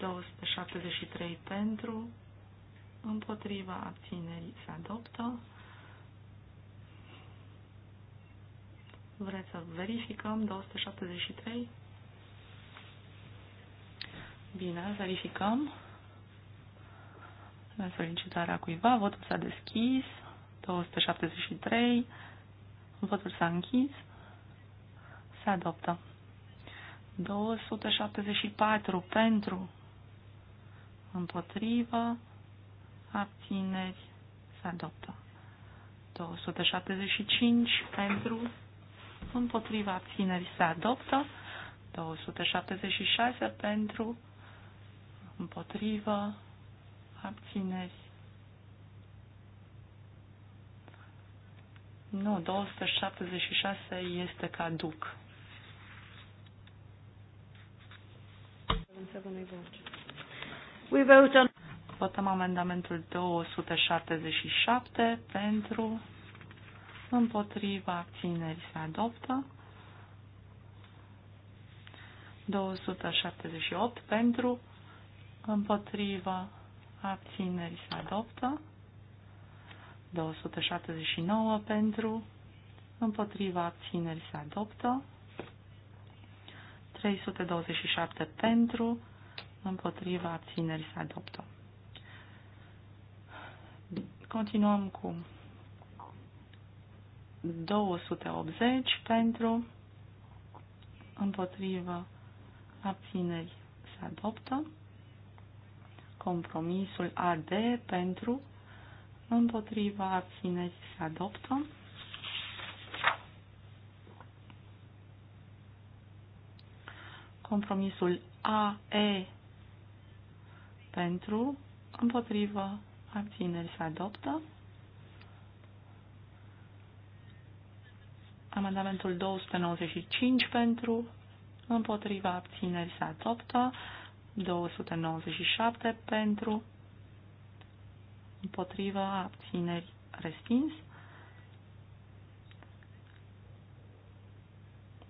273 pentru, împotriva abținerii se adoptă. Vreți să verificăm 273? Bine, verificăm. La solicitarea cuiva, votul s-a deschis. 273. Votul s-a închis. Se adoptă. 274 pentru. Împotrivă. Abțineri. Se adoptă. 275 pentru. Împotriva abținerii se adoptă. 276 pentru împotrivă, abțineri. Nu, 276 este caduc. We vote on... Votăm amendamentul 277 pentru, împotriva, abțineri se adoptă. 278 pentru, împotriva abținerii se adoptă, 279 pentru, împotriva abținerii se adoptă, 327 pentru, împotriva abținerii se adoptă. Continuăm cu 280 pentru, împotriva abținerii se adoptă, Compromisul AD pentru împotriva abținerii se adoptă. Compromisul AE pentru împotriva abținerii se adoptă. Amendamentul 295 pentru împotriva abținerii se adoptă. 297 pentru, împotriva, abțineri, respins.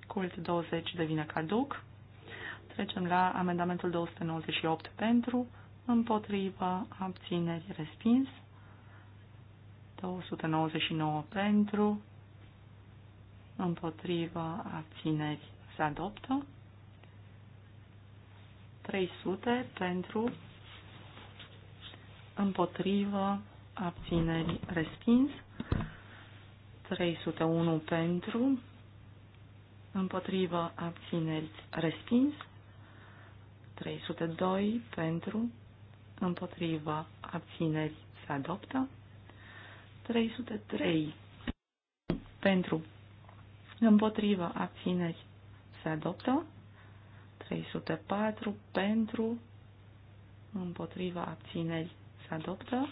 Cult 20 devine caduc. Trecem la amendamentul 298 pentru, împotriva, abțineri, respins. 299 pentru, împotriva, abțineri, se adoptă. 300 pentru, împotrivă, abțineri, respins. 301 pentru, împotrivă, abțineri, respins. 302 pentru, împotriva abțineri se adoptă. 303 pentru împotriva abțineri se adoptă. 304 pentru, împotriva abțineri se adoptă,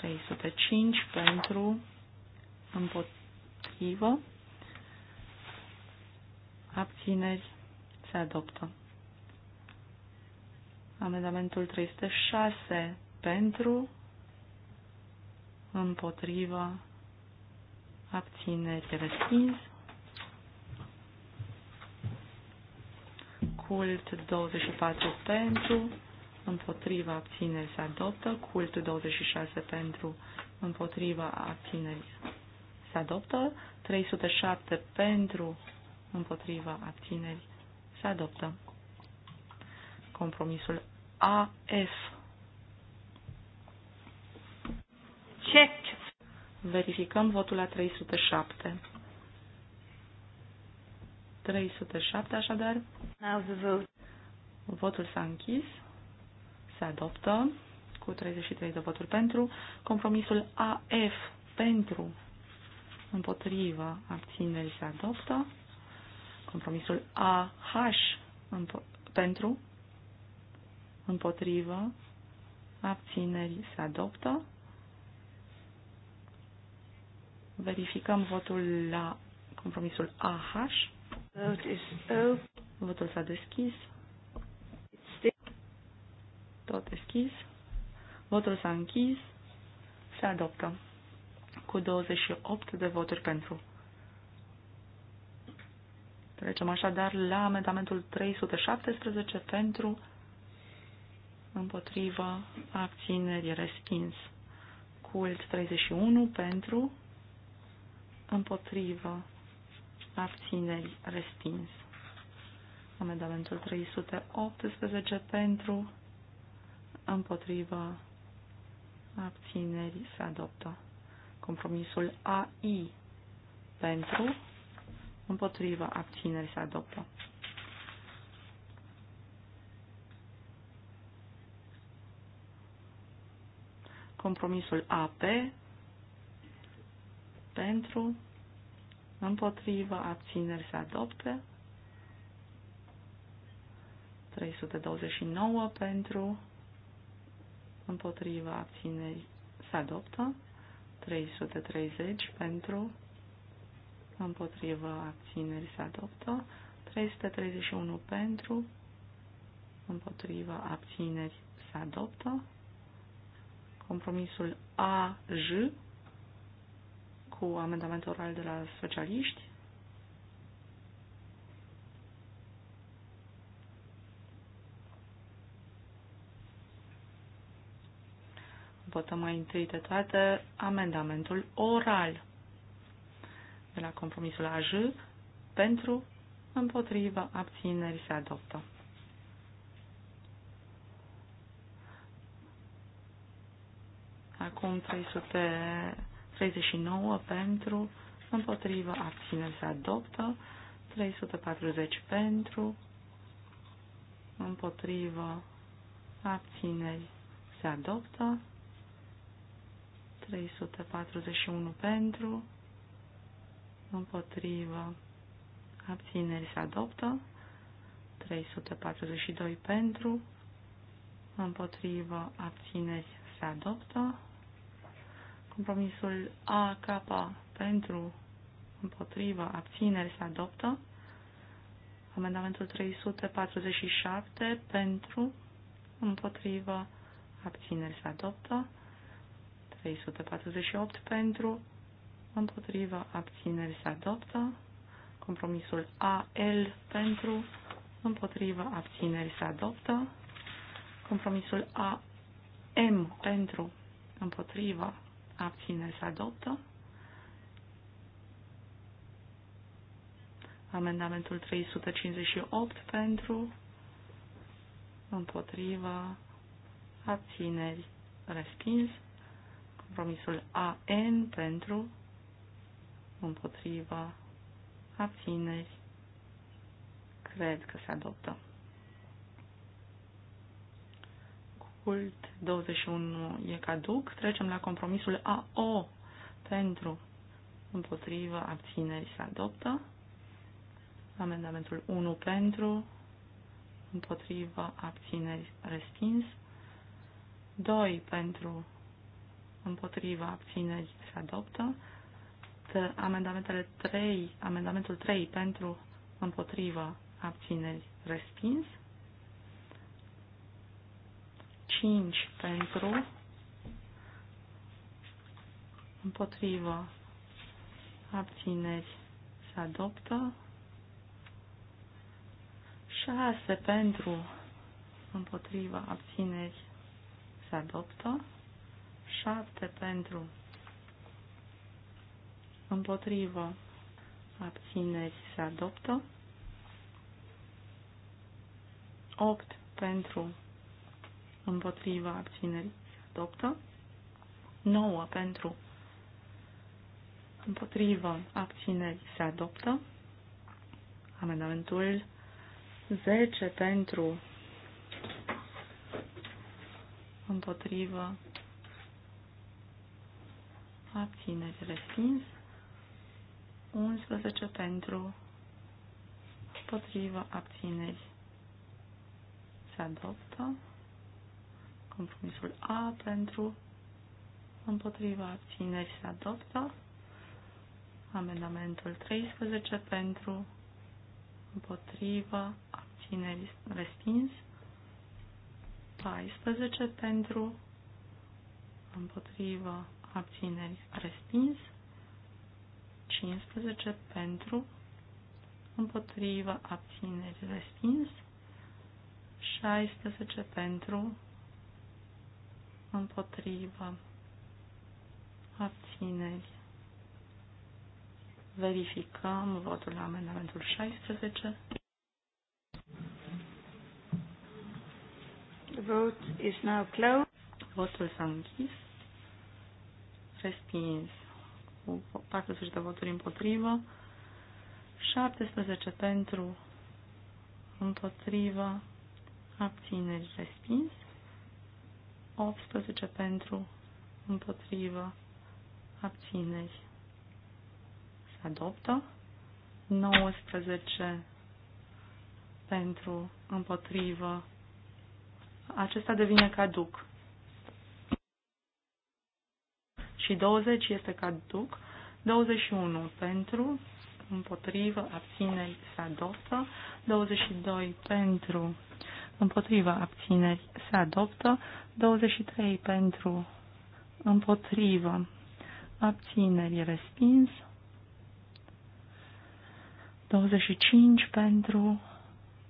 305 pentru, împotrivă, abțineri se adoptă. Amendamentul 306 pentru, împotriva, abțineri respins, Cult 24 pentru, împotriva abțineri se adoptă. Cult 26 pentru, împotriva abțineri se adoptă. 307 pentru, împotriva abțineri se adoptă. Compromisul AF. Check. Verificăm votul la 307. 307 așadar. Now the vote. Votul s-a închis. Se adoptă cu 33 de voturi pentru. Compromisul AF pentru împotriva abținerii se adoptă. Compromisul AH pentru împotriva abținerii se adoptă. Verificăm votul la compromisul AH. Votul s-a deschis. Tot deschis. Votul s-a închis. Se adoptă cu 28 de voturi pentru. Trecem așadar la amendamentul 317 pentru împotrivă abțineri respins. Cult 31 pentru împotrivă abțineri, respins. Amendamentul 318 pentru, împotriva, abțineri, se adoptă. Compromisul AI pentru, împotriva, abțineri, se adoptă. Compromisul AP pentru, împotrivă, abțineri se adopte. 329 pentru, împotrivă, abțineri se adoptă. 330 pentru, împotrivă, abțineri se adoptă. 331 pentru, împotrivă, abțineri se adoptă. Compromisul AJ cu amendamentul oral de la specialiști. Votăm mai întâi de toate amendamentul oral de la compromisul AJ pentru împotriva abțineri se adoptă. Acum 300 39 pentru, împotrivă, abține, se adoptă, 340 pentru, împotrivă, abțineri se adoptă, 341 pentru, împotrivă, abțineri se adoptă, 342 pentru, împotrivă, abțineri se adoptă, Compromisul AK pentru împotrivă abțineri se adoptă. Amendamentul 347 pentru împotrivă abțineri se adoptă. 348 pentru împotrivă abțineri se adoptă. Compromisul AL pentru împotrivă abțineri se adoptă. Compromisul AM pentru împotriva abține, se adoptă. Amendamentul 358 pentru, împotrivă, abțineri, respins. Compromisul AN pentru, împotrivă, abțineri, cred că se adoptă. Cult 21 e caduc. Trecem la compromisul AO pentru împotrivă abțineri se adoptă. Amendamentul 1 pentru împotrivă abțineri respins. 2 pentru împotriva abțineri se adoptă. Amendamentele 3, amendamentul 3 pentru împotriva abțineri respins. 5 pentru, împotrivă, abțineri se adoptă, 6 pentru, împotrivă, abțineri se adoptă, 7 pentru, împotrivă, abțineri se adoptă, 8 pentru, împotriva abținerii se adoptă, 9 pentru împotriva abținerii se adoptă, amendamentul 10 pentru împotriva abțineri respins, 11 pentru împotriva abțineri se adoptă, Compromisul A pentru împotriva abțineri se adoptă. Amendamentul 13 pentru împotriva abțineri respins. 14 pentru împotriva abțineri respins. 15 pentru împotriva abțineri respins. 16 pentru împotrivă, abțineri. Verificăm votul la amendamentul 16. The vote is now closed. Votul s-a închis. Respins cu 40 de voturi împotrivă, 17 pentru, împotrivă, abțineri respins. 18 pentru, împotrivă, abțineri. Se adoptă. 19 pentru, împotrivă. Acesta devine caduc. Și 20 este caduc. 21 pentru, împotrivă, abțineri, se adoptă. 22 pentru, împotriva abțineri, se adoptă. 23 pentru, împotrivă, abțineri, respins. 25 pentru,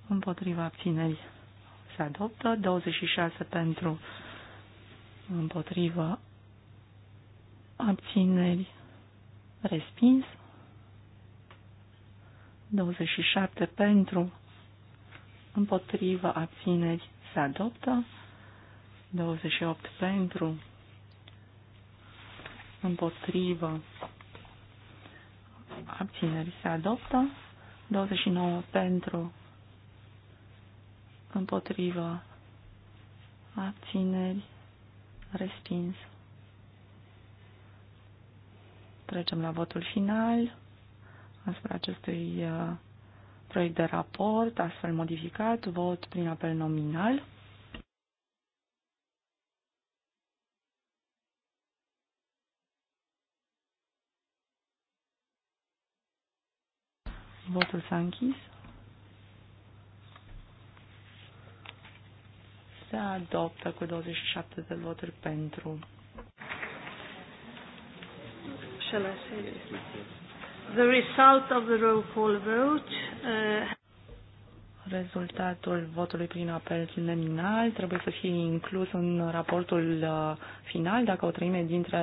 împotriva abținerii se adoptă, 26 pentru împotriva abțineri respins, 27 pentru împotrivă, abțineri, se adoptă. 28 pentru, împotrivă, abțineri, se adoptă. 29 pentru, împotrivă, abțineri, respins. Trecem la votul final asupra acestui uh, proiect de raport, astfel modificat, vot prin apel nominal. Votul s-a închis. Se adoptă cu 27 de voturi pentru. Shall I say this? The result of the roll call vote. Uh, rezultatul votului prin apel nominal trebuie să fie inclus în raportul uh, final. Dacă o treime dintre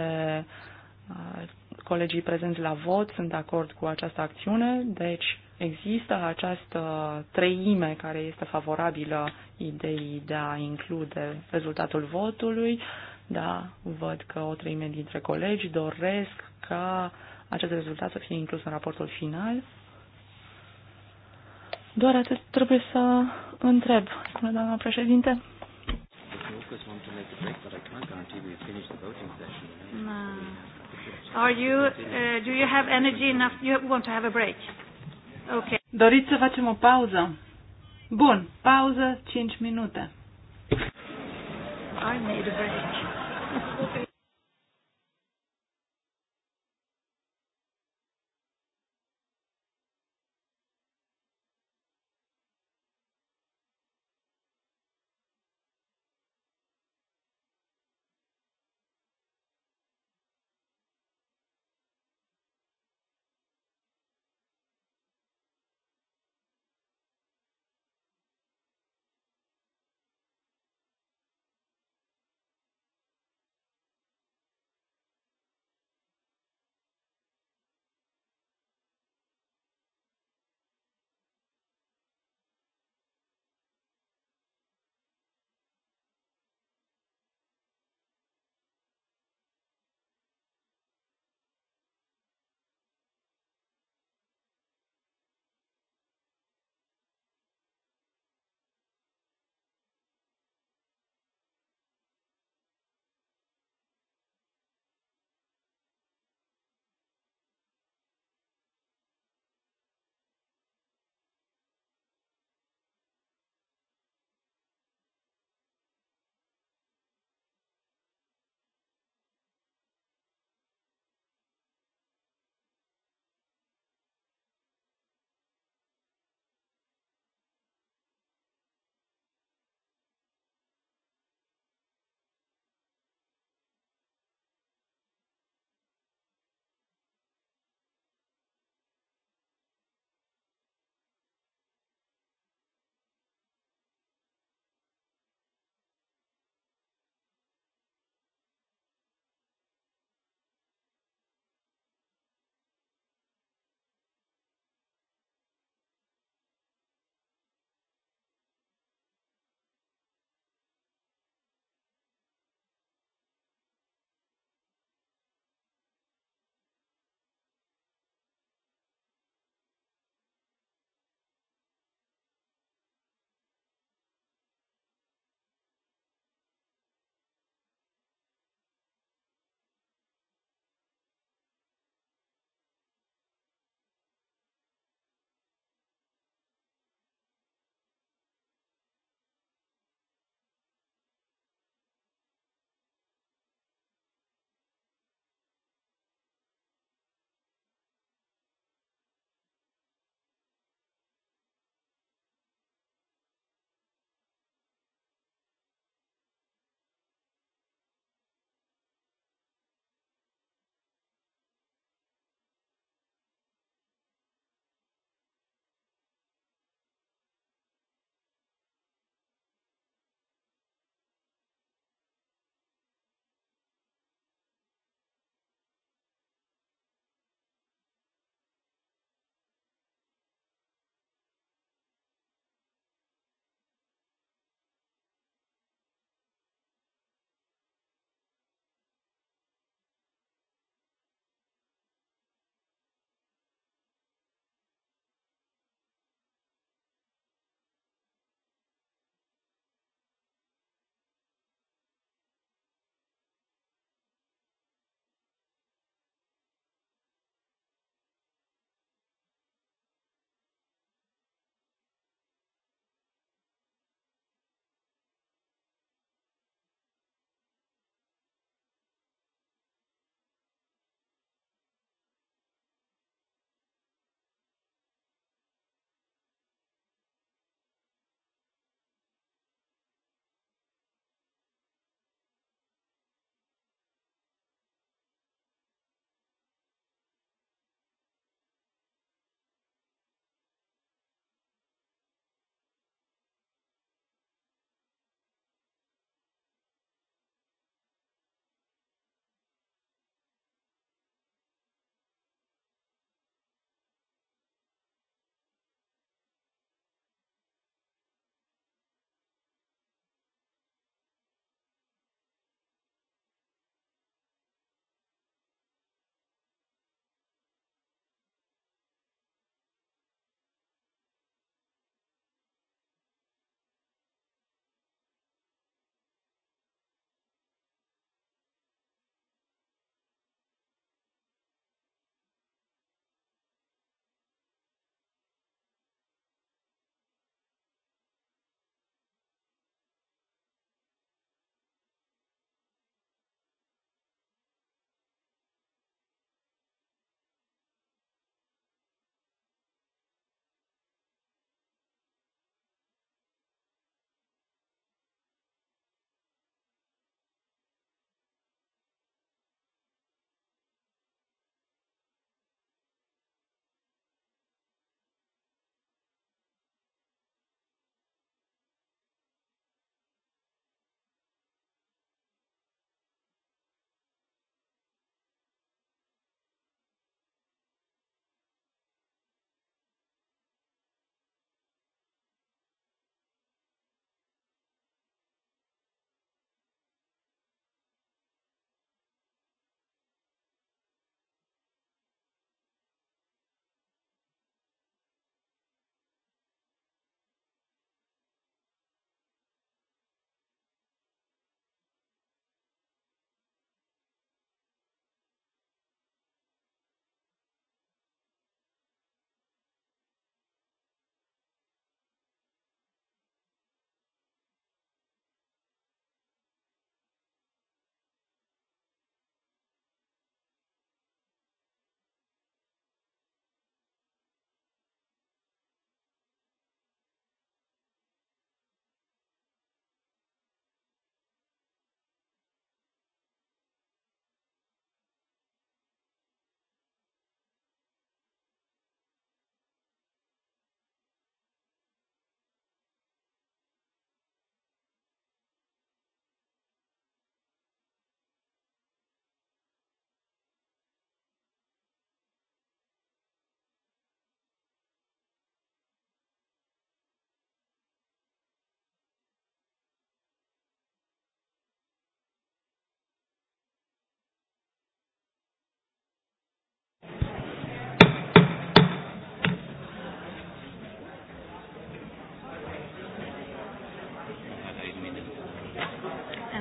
uh, colegii prezenți la vot sunt de acord cu această acțiune, deci există această treime care este favorabilă ideii de a include rezultatul votului. Da, văd că o treime dintre colegi doresc ca uh, acest rezultat să fie inclus în raportul final. Doar atât trebuie să întreb, spune doamna președinte. Are you, uh, do you have energy enough? You want to have a break? Okay. Doriți să facem o pauză? Bun, pauză 5 minute. I need a break.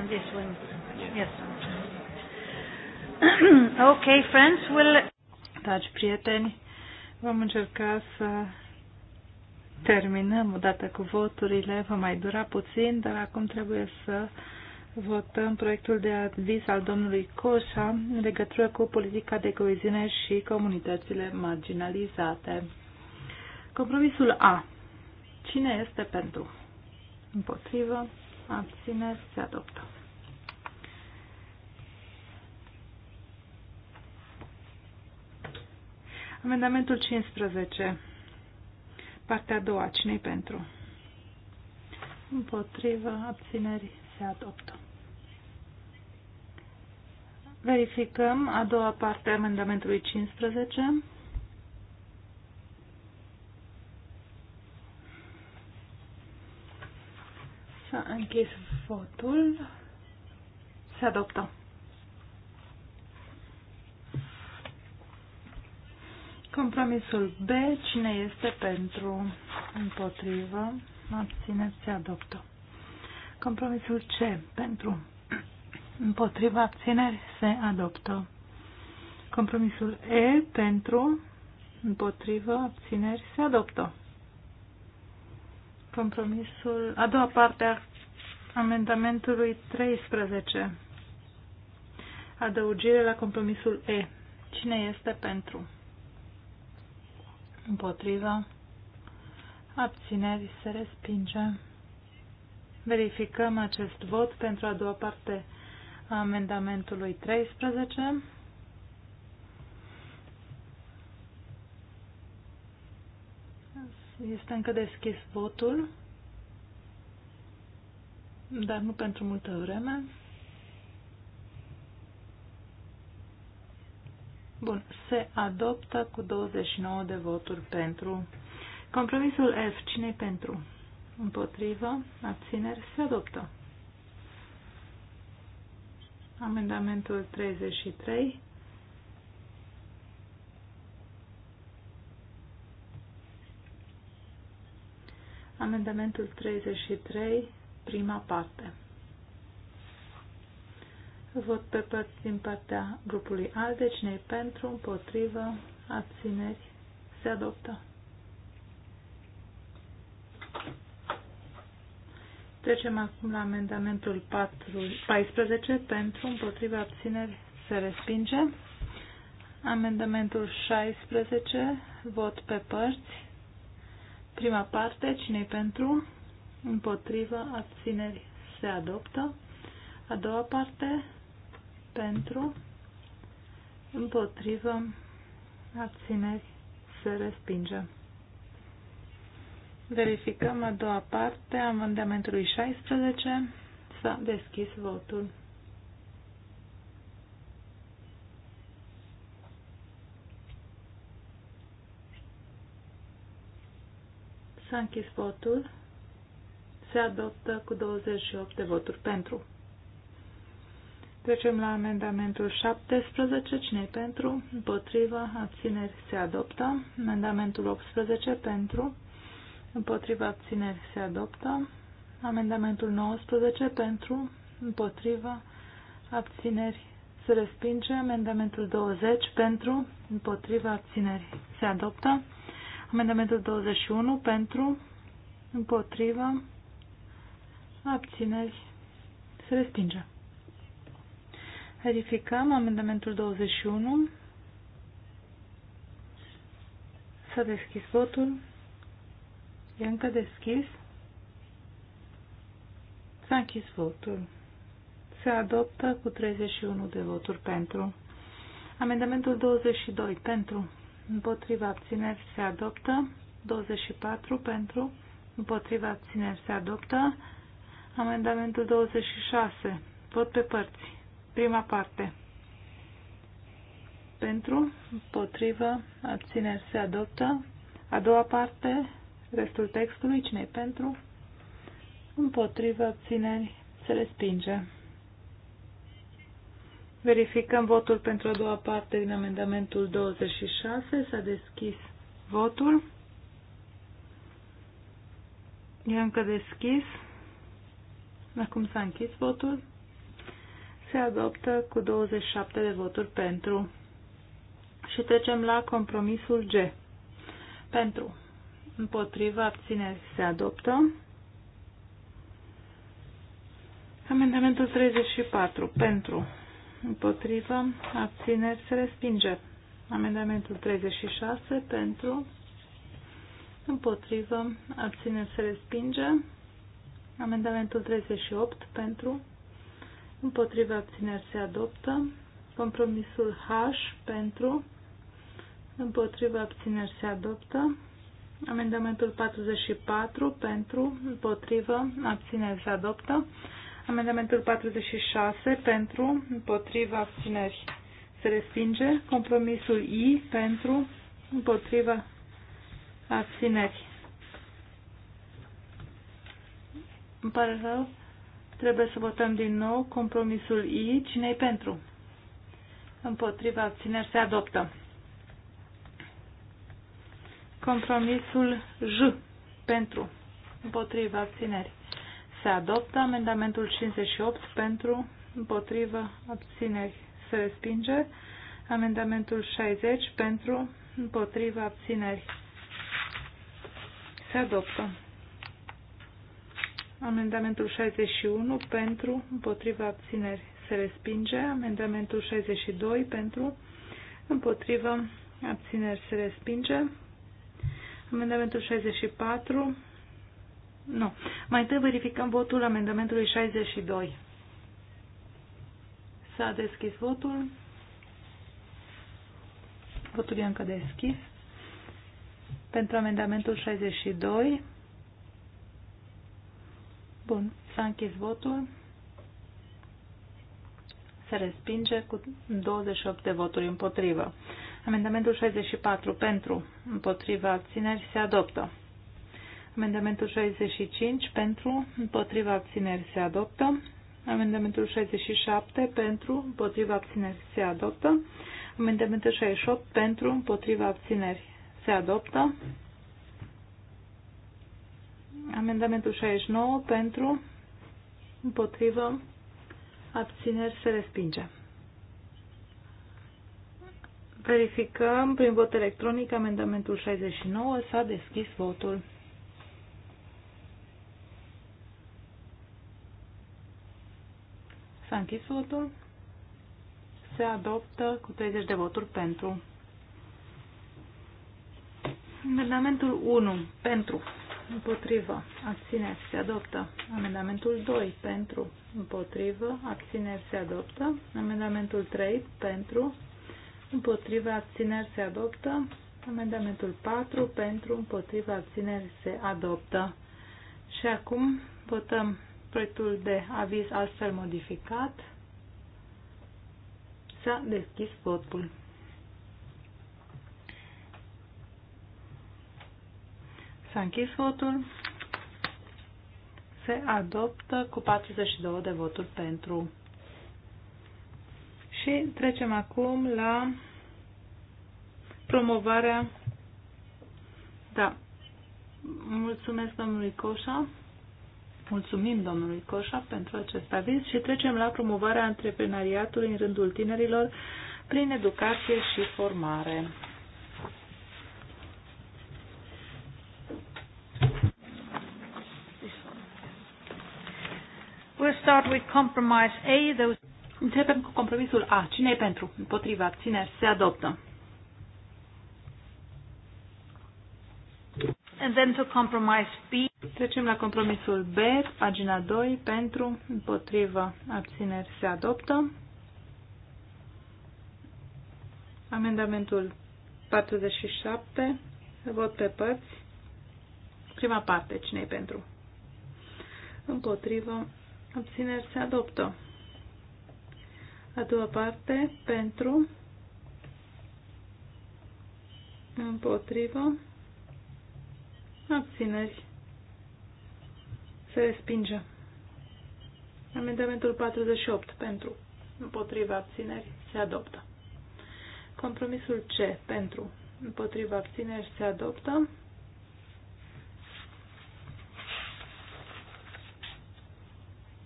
this Yes. ok, friends, we'll... Dragi prieteni, vom încerca să terminăm odată cu voturile. Va mai dura puțin, dar acum trebuie să votăm proiectul de aviz al domnului Coșa în legătură cu politica de coeziune și comunitățile marginalizate. Compromisul A. Cine este pentru? Împotrivă? Abține? Se adoptă. Amendamentul 15. Partea a doua. cine pentru? Împotrivă. Abțineri. Se adoptă. Verificăm a doua parte a amendamentului 15. S-a închis votul. Se adoptă. Compromisul B, cine este pentru, împotrivă, abțineți, se adoptă. Compromisul C, pentru, împotrivă, abțineri, se adoptă. Compromisul E, pentru, împotrivă, abțineri, se adoptă. Compromisul, a doua parte a amendamentului 13, adăugire la compromisul E. Cine este pentru? împotriva, abțineri, se respinge. Verificăm acest vot pentru a doua parte a amendamentului 13. Este încă deschis votul, dar nu pentru multă vreme. Bun, se adoptă cu 29 de voturi pentru. Compromisul F, cine pentru? Împotrivă, abțineri, se adoptă. Amendamentul 33. Amendamentul 33, prima parte. Vot pe părți din partea grupului al, cine ne pentru, împotrivă, abțineri, se adoptă. Trecem acum la amendamentul 4, 14 pentru, împotrivă, abțineri, se respinge. Amendamentul 16, vot pe părți. Prima parte, cine pentru, împotrivă, abțineri, se adoptă. A doua parte, pentru, împotrivă, abțineri, se respinge. Verificăm a doua parte a amendamentului 16. S-a deschis votul. S-a închis votul. Se adoptă cu 28 de voturi pentru. Trecem la amendamentul 17. cine pentru? Împotriva. Abțineri se adoptă. Amendamentul 18. Pentru. Împotriva. Abțineri se adoptă. Amendamentul 19. Pentru. Împotriva. Abțineri se respinge. Amendamentul 20. Pentru. Împotriva. Abțineri se adoptă. Amendamentul 21. Pentru. Împotriva. Abțineri se respinge. Verificăm amendamentul 21. S-a deschis votul. E încă deschis. S-a închis votul. Se adoptă cu 31 de voturi pentru. Amendamentul 22 pentru. Împotriva abțineri se adoptă. 24 pentru. Împotriva abțineri se adoptă. Amendamentul 26. Vot pe părți. Prima parte. Pentru, potrivă abțineri se adoptă. A doua parte, restul textului, cine pentru, împotrivă, abțineri se respinge. Verificăm votul pentru a doua parte din amendamentul 26. S-a deschis votul. E încă deschis. Acum s-a închis votul se adoptă cu 27 de voturi pentru. Și trecem la compromisul G. Pentru. Împotriva abțineri se adoptă. Amendamentul 34. Pentru. Împotrivă. Abțineri se respinge. Amendamentul 36. Pentru. Împotrivă. Abțineri se respinge. Amendamentul 38. Pentru împotriva abțineri se adoptă, compromisul H pentru, împotriva abțineri se adoptă, amendamentul 44 pentru, împotriva abțineri se adoptă, amendamentul 46 pentru, împotriva abțineri se respinge, compromisul I pentru, împotriva abțineri. Îmi pare rău, Trebuie să votăm din nou compromisul I. Cine-i pentru? Împotriva abțineri se adoptă. Compromisul J. Pentru. Împotriva abțineri. Se adoptă amendamentul 58 pentru împotrivă abțineri. Se respinge amendamentul 60 pentru împotriva abțineri. Se adoptă. Amendamentul 61 pentru, împotriva abțineri se respinge. Amendamentul 62 pentru, împotriva abțineri se respinge. Amendamentul 64. Nu. Mai întâi verificăm votul amendamentului 62. S-a deschis votul. Votul e încă deschis. Pentru amendamentul 62 Bun, s-a închis votul. Se respinge cu 28 de voturi împotrivă. Amendamentul 64 pentru, împotriva abțineri se adoptă. Amendamentul 65 pentru, împotriva abțineri se adoptă. Amendamentul 67 pentru, împotriva abțineri se adoptă. Amendamentul 68 pentru, împotriva abțineri se adoptă. Amendamentul 69 pentru, împotrivă, abțineri se respinge. Verificăm prin vot electronic amendamentul 69. S-a deschis votul. S-a închis votul. Se adoptă cu 30 de voturi pentru. Amendamentul 1. Pentru împotrivă, abțineri se adoptă. Amendamentul 2 pentru, împotrivă, abțineri se adoptă. Amendamentul 3 pentru, împotrivă, abțineri se adoptă. Amendamentul 4 pentru, împotrivă, abțineri se adoptă. Și acum votăm proiectul de aviz astfel modificat. S-a deschis votul. S-a închis votul. Se adoptă cu 42 de voturi pentru. Și trecem acum la promovarea. Da. Mulțumesc domnului Coșa. Mulțumim domnului Coșa pentru acest aviz și trecem la promovarea antreprenariatului în rândul tinerilor prin educație și formare. start with compromise A. Those... Începem cu compromisul A. Cine e pentru? Împotriva. Abțineri. Se adoptă. And then to compromise B. Trecem la compromisul B, pagina 2, pentru, împotriva, abțineri, se adoptă. Amendamentul 47, vot pe părți. Prima parte, cine e pentru? Împotrivă, Abțineri se adoptă. A doua parte, pentru, împotrivă, abțineri, se respinge. Amendamentul 48, pentru, împotriva abțineri, se adoptă. Compromisul C, pentru, împotriva abțineri, se adoptă.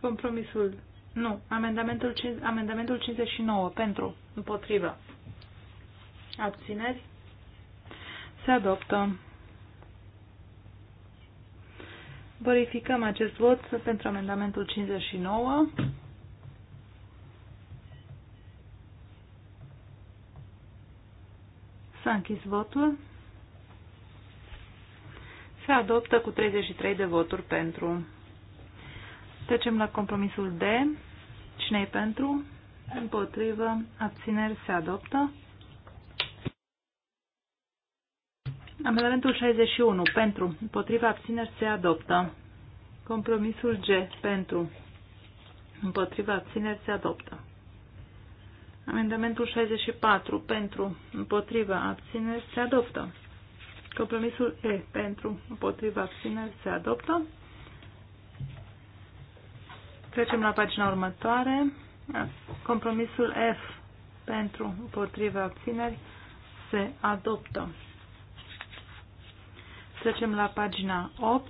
Compromisul. Nu. Amendamentul, amendamentul 59. Pentru. Împotrivă. Abțineri. Se adoptă. Verificăm acest vot pentru amendamentul 59. S-a închis votul. Se adoptă cu 33 de voturi pentru. Trecem la compromisul D. Cine e pentru? Împotrivă. Abțineri se adoptă. Amendamentul 61. Pentru. Împotriva abțineri se adoptă. Compromisul G. Pentru. Împotriva abțineri se adoptă. Amendamentul 64. Pentru. Împotriva abțineri se adoptă. Compromisul E. Pentru. Împotriva abțineri se adoptă. Trecem la pagina următoare. Compromisul F pentru împotriva abțineri se adoptă. Trecem la pagina 8.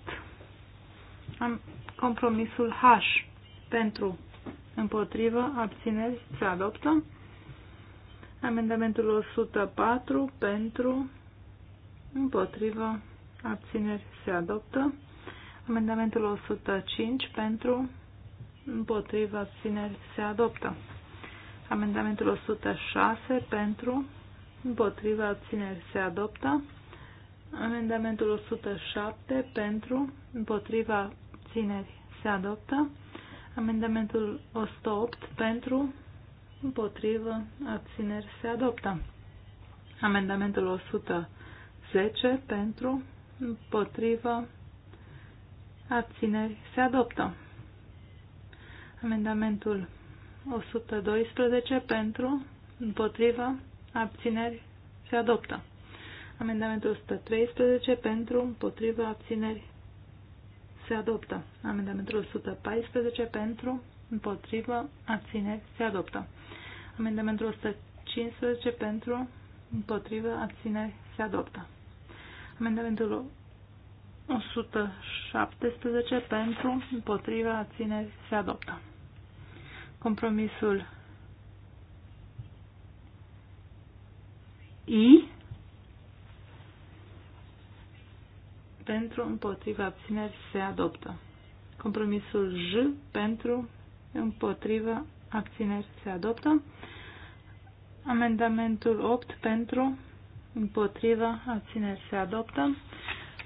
Am compromisul H pentru împotrivă abțineri se adoptă. Amendamentul 104 pentru împotrivă abțineri se adoptă. Amendamentul 105 pentru împotriva abțineri se adoptă. Amendamentul 106 pentru, împotriva abțineri se adoptă. Amendamentul 107 pentru, împotriva abțineri se adoptă. Amendamentul 108 pentru, împotriva abțineri se adoptă. Amendamentul 110 pentru, împotriva abțineri se adoptă. Amendamentul 112 pentru, împotriva, abțineri se adoptă. Amendamentul 113 pentru, împotriva, abțineri se adoptă. Amendamentul 114 pentru, împotriva, abțineri se adoptă. Amendamentul 115 pentru, împotriva, abțineri se adoptă. Amendamentul 117 pentru, împotriva, abțineri se adoptă. Compromisul I pentru împotriva abțineri se adoptă. Compromisul J pentru împotriva abțineri se adoptă. Amendamentul 8 pentru împotriva abțineri se adoptă.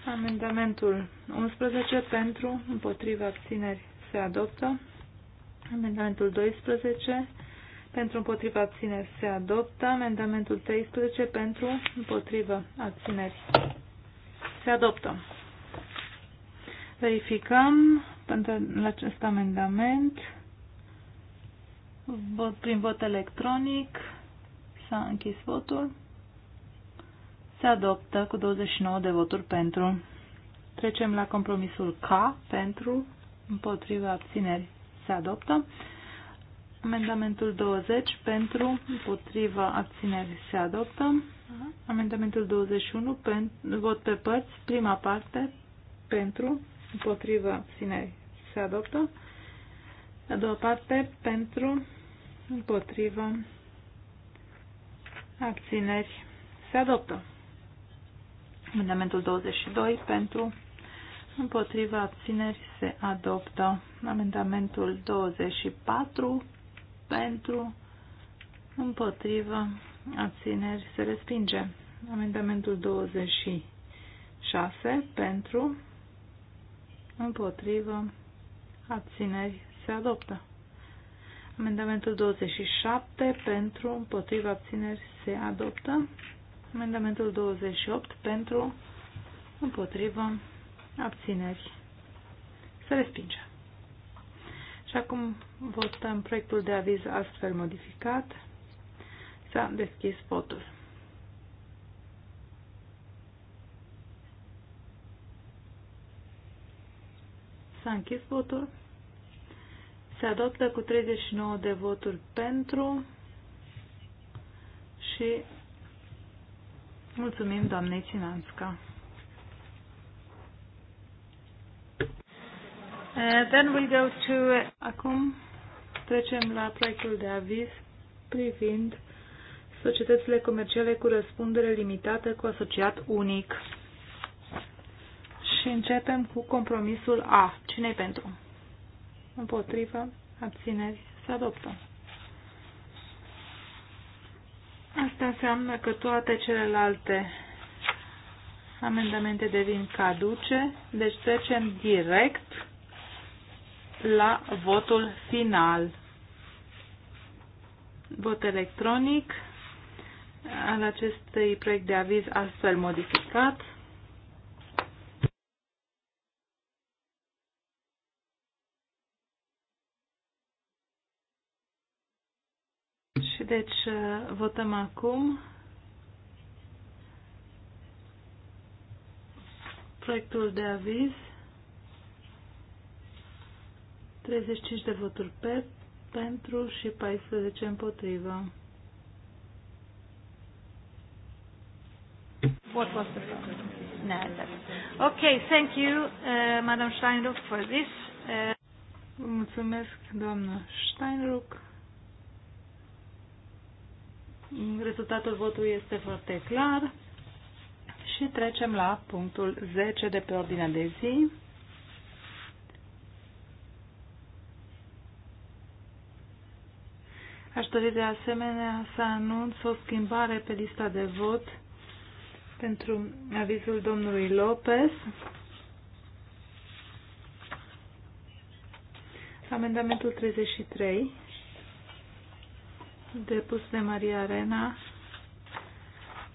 Amendamentul 11 pentru împotriva abțineri se adoptă. Amendamentul 12 pentru împotriva abțineri se adoptă. Amendamentul 13 pentru împotriva abțineri se adoptă. Verificăm pentru acest amendament. Vot prin vot electronic. S-a închis votul. Se adoptă cu 29 de voturi pentru. Trecem la compromisul K pentru împotriva abțineri se adoptă. Amendamentul 20 pentru, împotrivă, abțineri se adoptă. Amendamentul 21, pentru, vot pe părți, prima parte, pentru, împotrivă, abțineri se adoptă. A doua parte, pentru, împotrivă, abțineri se adoptă. Amendamentul 22, pentru, împotriva abțineri se adoptă. Amendamentul 24 pentru împotriva abțineri se respinge. Amendamentul 26 pentru împotriva abțineri se adoptă. Amendamentul 27 pentru împotriva abțineri se adoptă. Amendamentul 28 pentru împotriva abțineri, se respinge. Și acum votăm proiectul de aviz astfel modificat. S-a deschis votul. S-a închis votul. Se adoptă cu 39 de voturi pentru și mulțumim doamnei Cinanțca. Uh, then we'll go to... Acum trecem la proiectul de aviz privind societățile comerciale cu răspundere limitată cu asociat unic. Și începem cu compromisul A. Cine-i pentru? Împotrivă, abțineri, se adoptă. Asta înseamnă că toate celelalte amendamente devin caduce, deci trecem direct la votul final. Vot electronic al acestui proiect de aviz astfel modificat. Și deci uh, votăm acum proiectul de aviz 35 de voturi pe, pentru și 14 împotrivă. What was the problem? No, okay, thank you, uh, Madam Steinruck, for this. Uh... mulțumesc, doamnă Steinruck. Rezultatul votului este foarte clar și trecem la punctul 10 de pe ordinea de zi. Aș dori de asemenea să anunț o schimbare pe lista de vot pentru avizul domnului Lopez. Amendamentul 33, depus de Maria Arena,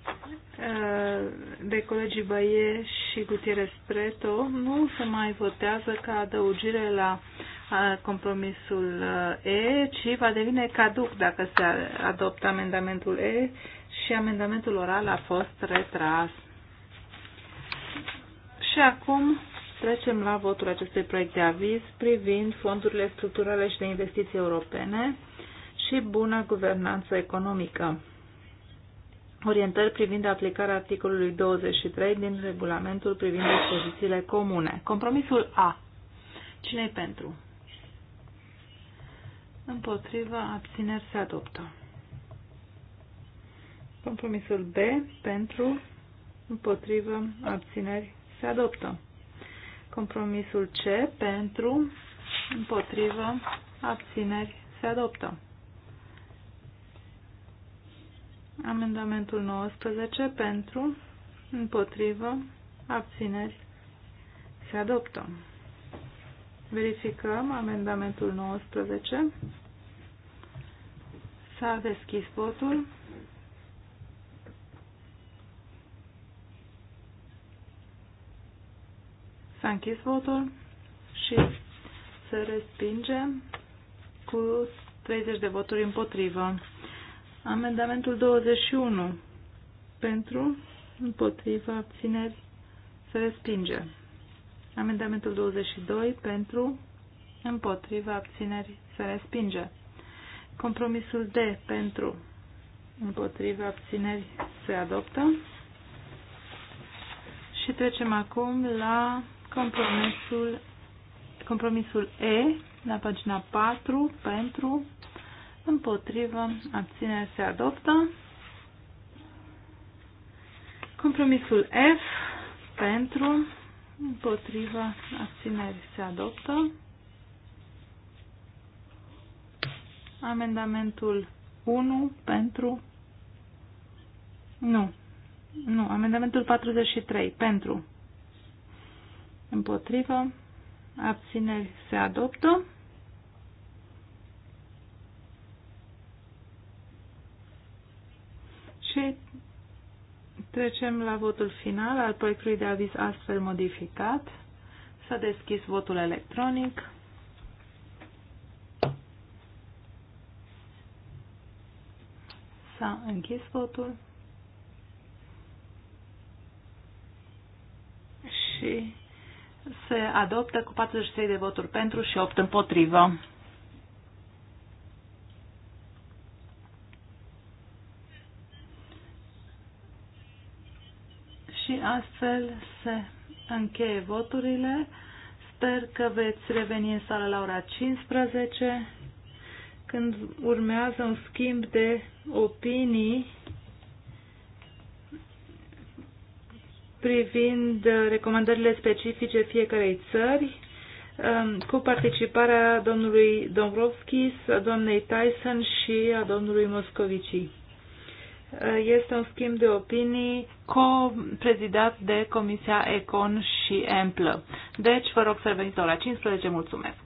uh, de colegii Băie și Gutierrez Preto, nu se mai votează ca adăugire la compromisul E, ci va devine caduc dacă se adoptă amendamentul E și amendamentul oral a fost retras. Și acum trecem la votul acestui proiect de aviz privind fondurile structurale și de investiții europene și bună guvernanță economică. Orientări privind aplicarea articolului 23 din regulamentul privind dispozițiile comune. Compromisul A. Cine-i pentru? împotriva abțineri se adoptă. Compromisul B pentru, împotriva abțineri se adoptă. Compromisul C pentru, împotriva abțineri se adoptă. Amendamentul 19 pentru, împotriva abțineri se adoptă. Verificăm amendamentul 19. S-a deschis votul. S-a închis votul și se respinge cu 30 de voturi împotrivă. Amendamentul 21 pentru, împotrivă, abțineri, se respinge. Amendamentul 22 pentru, împotriva, abțineri, se respinge. Compromisul D pentru, împotriva, abțineri, se adoptă. Și trecem acum la compromisul, compromisul E, la pagina 4, pentru, împotrivă, abținere se adoptă. Compromisul F, pentru, împotriva abținerii se adoptă. Amendamentul 1 pentru. Nu. Nu. Amendamentul 43 pentru. Împotrivă. Abțineri se adoptă. Și Trecem la votul final al proiectului de aviz astfel modificat. S-a deschis votul electronic. S-a închis votul. Și se adoptă cu 46 de voturi pentru și 8 împotrivă. astfel se încheie voturile. Sper că veți reveni în sală la ora 15, când urmează un schimb de opinii privind recomandările specifice fiecarei țări, um, cu participarea domnului Dombrovskis, a doamnei Tyson și a domnului Moscovici este un schimb de opinii co-prezidat de Comisia Econ și Emplă. Deci, vă rog să veniți la 15. Mulțumesc!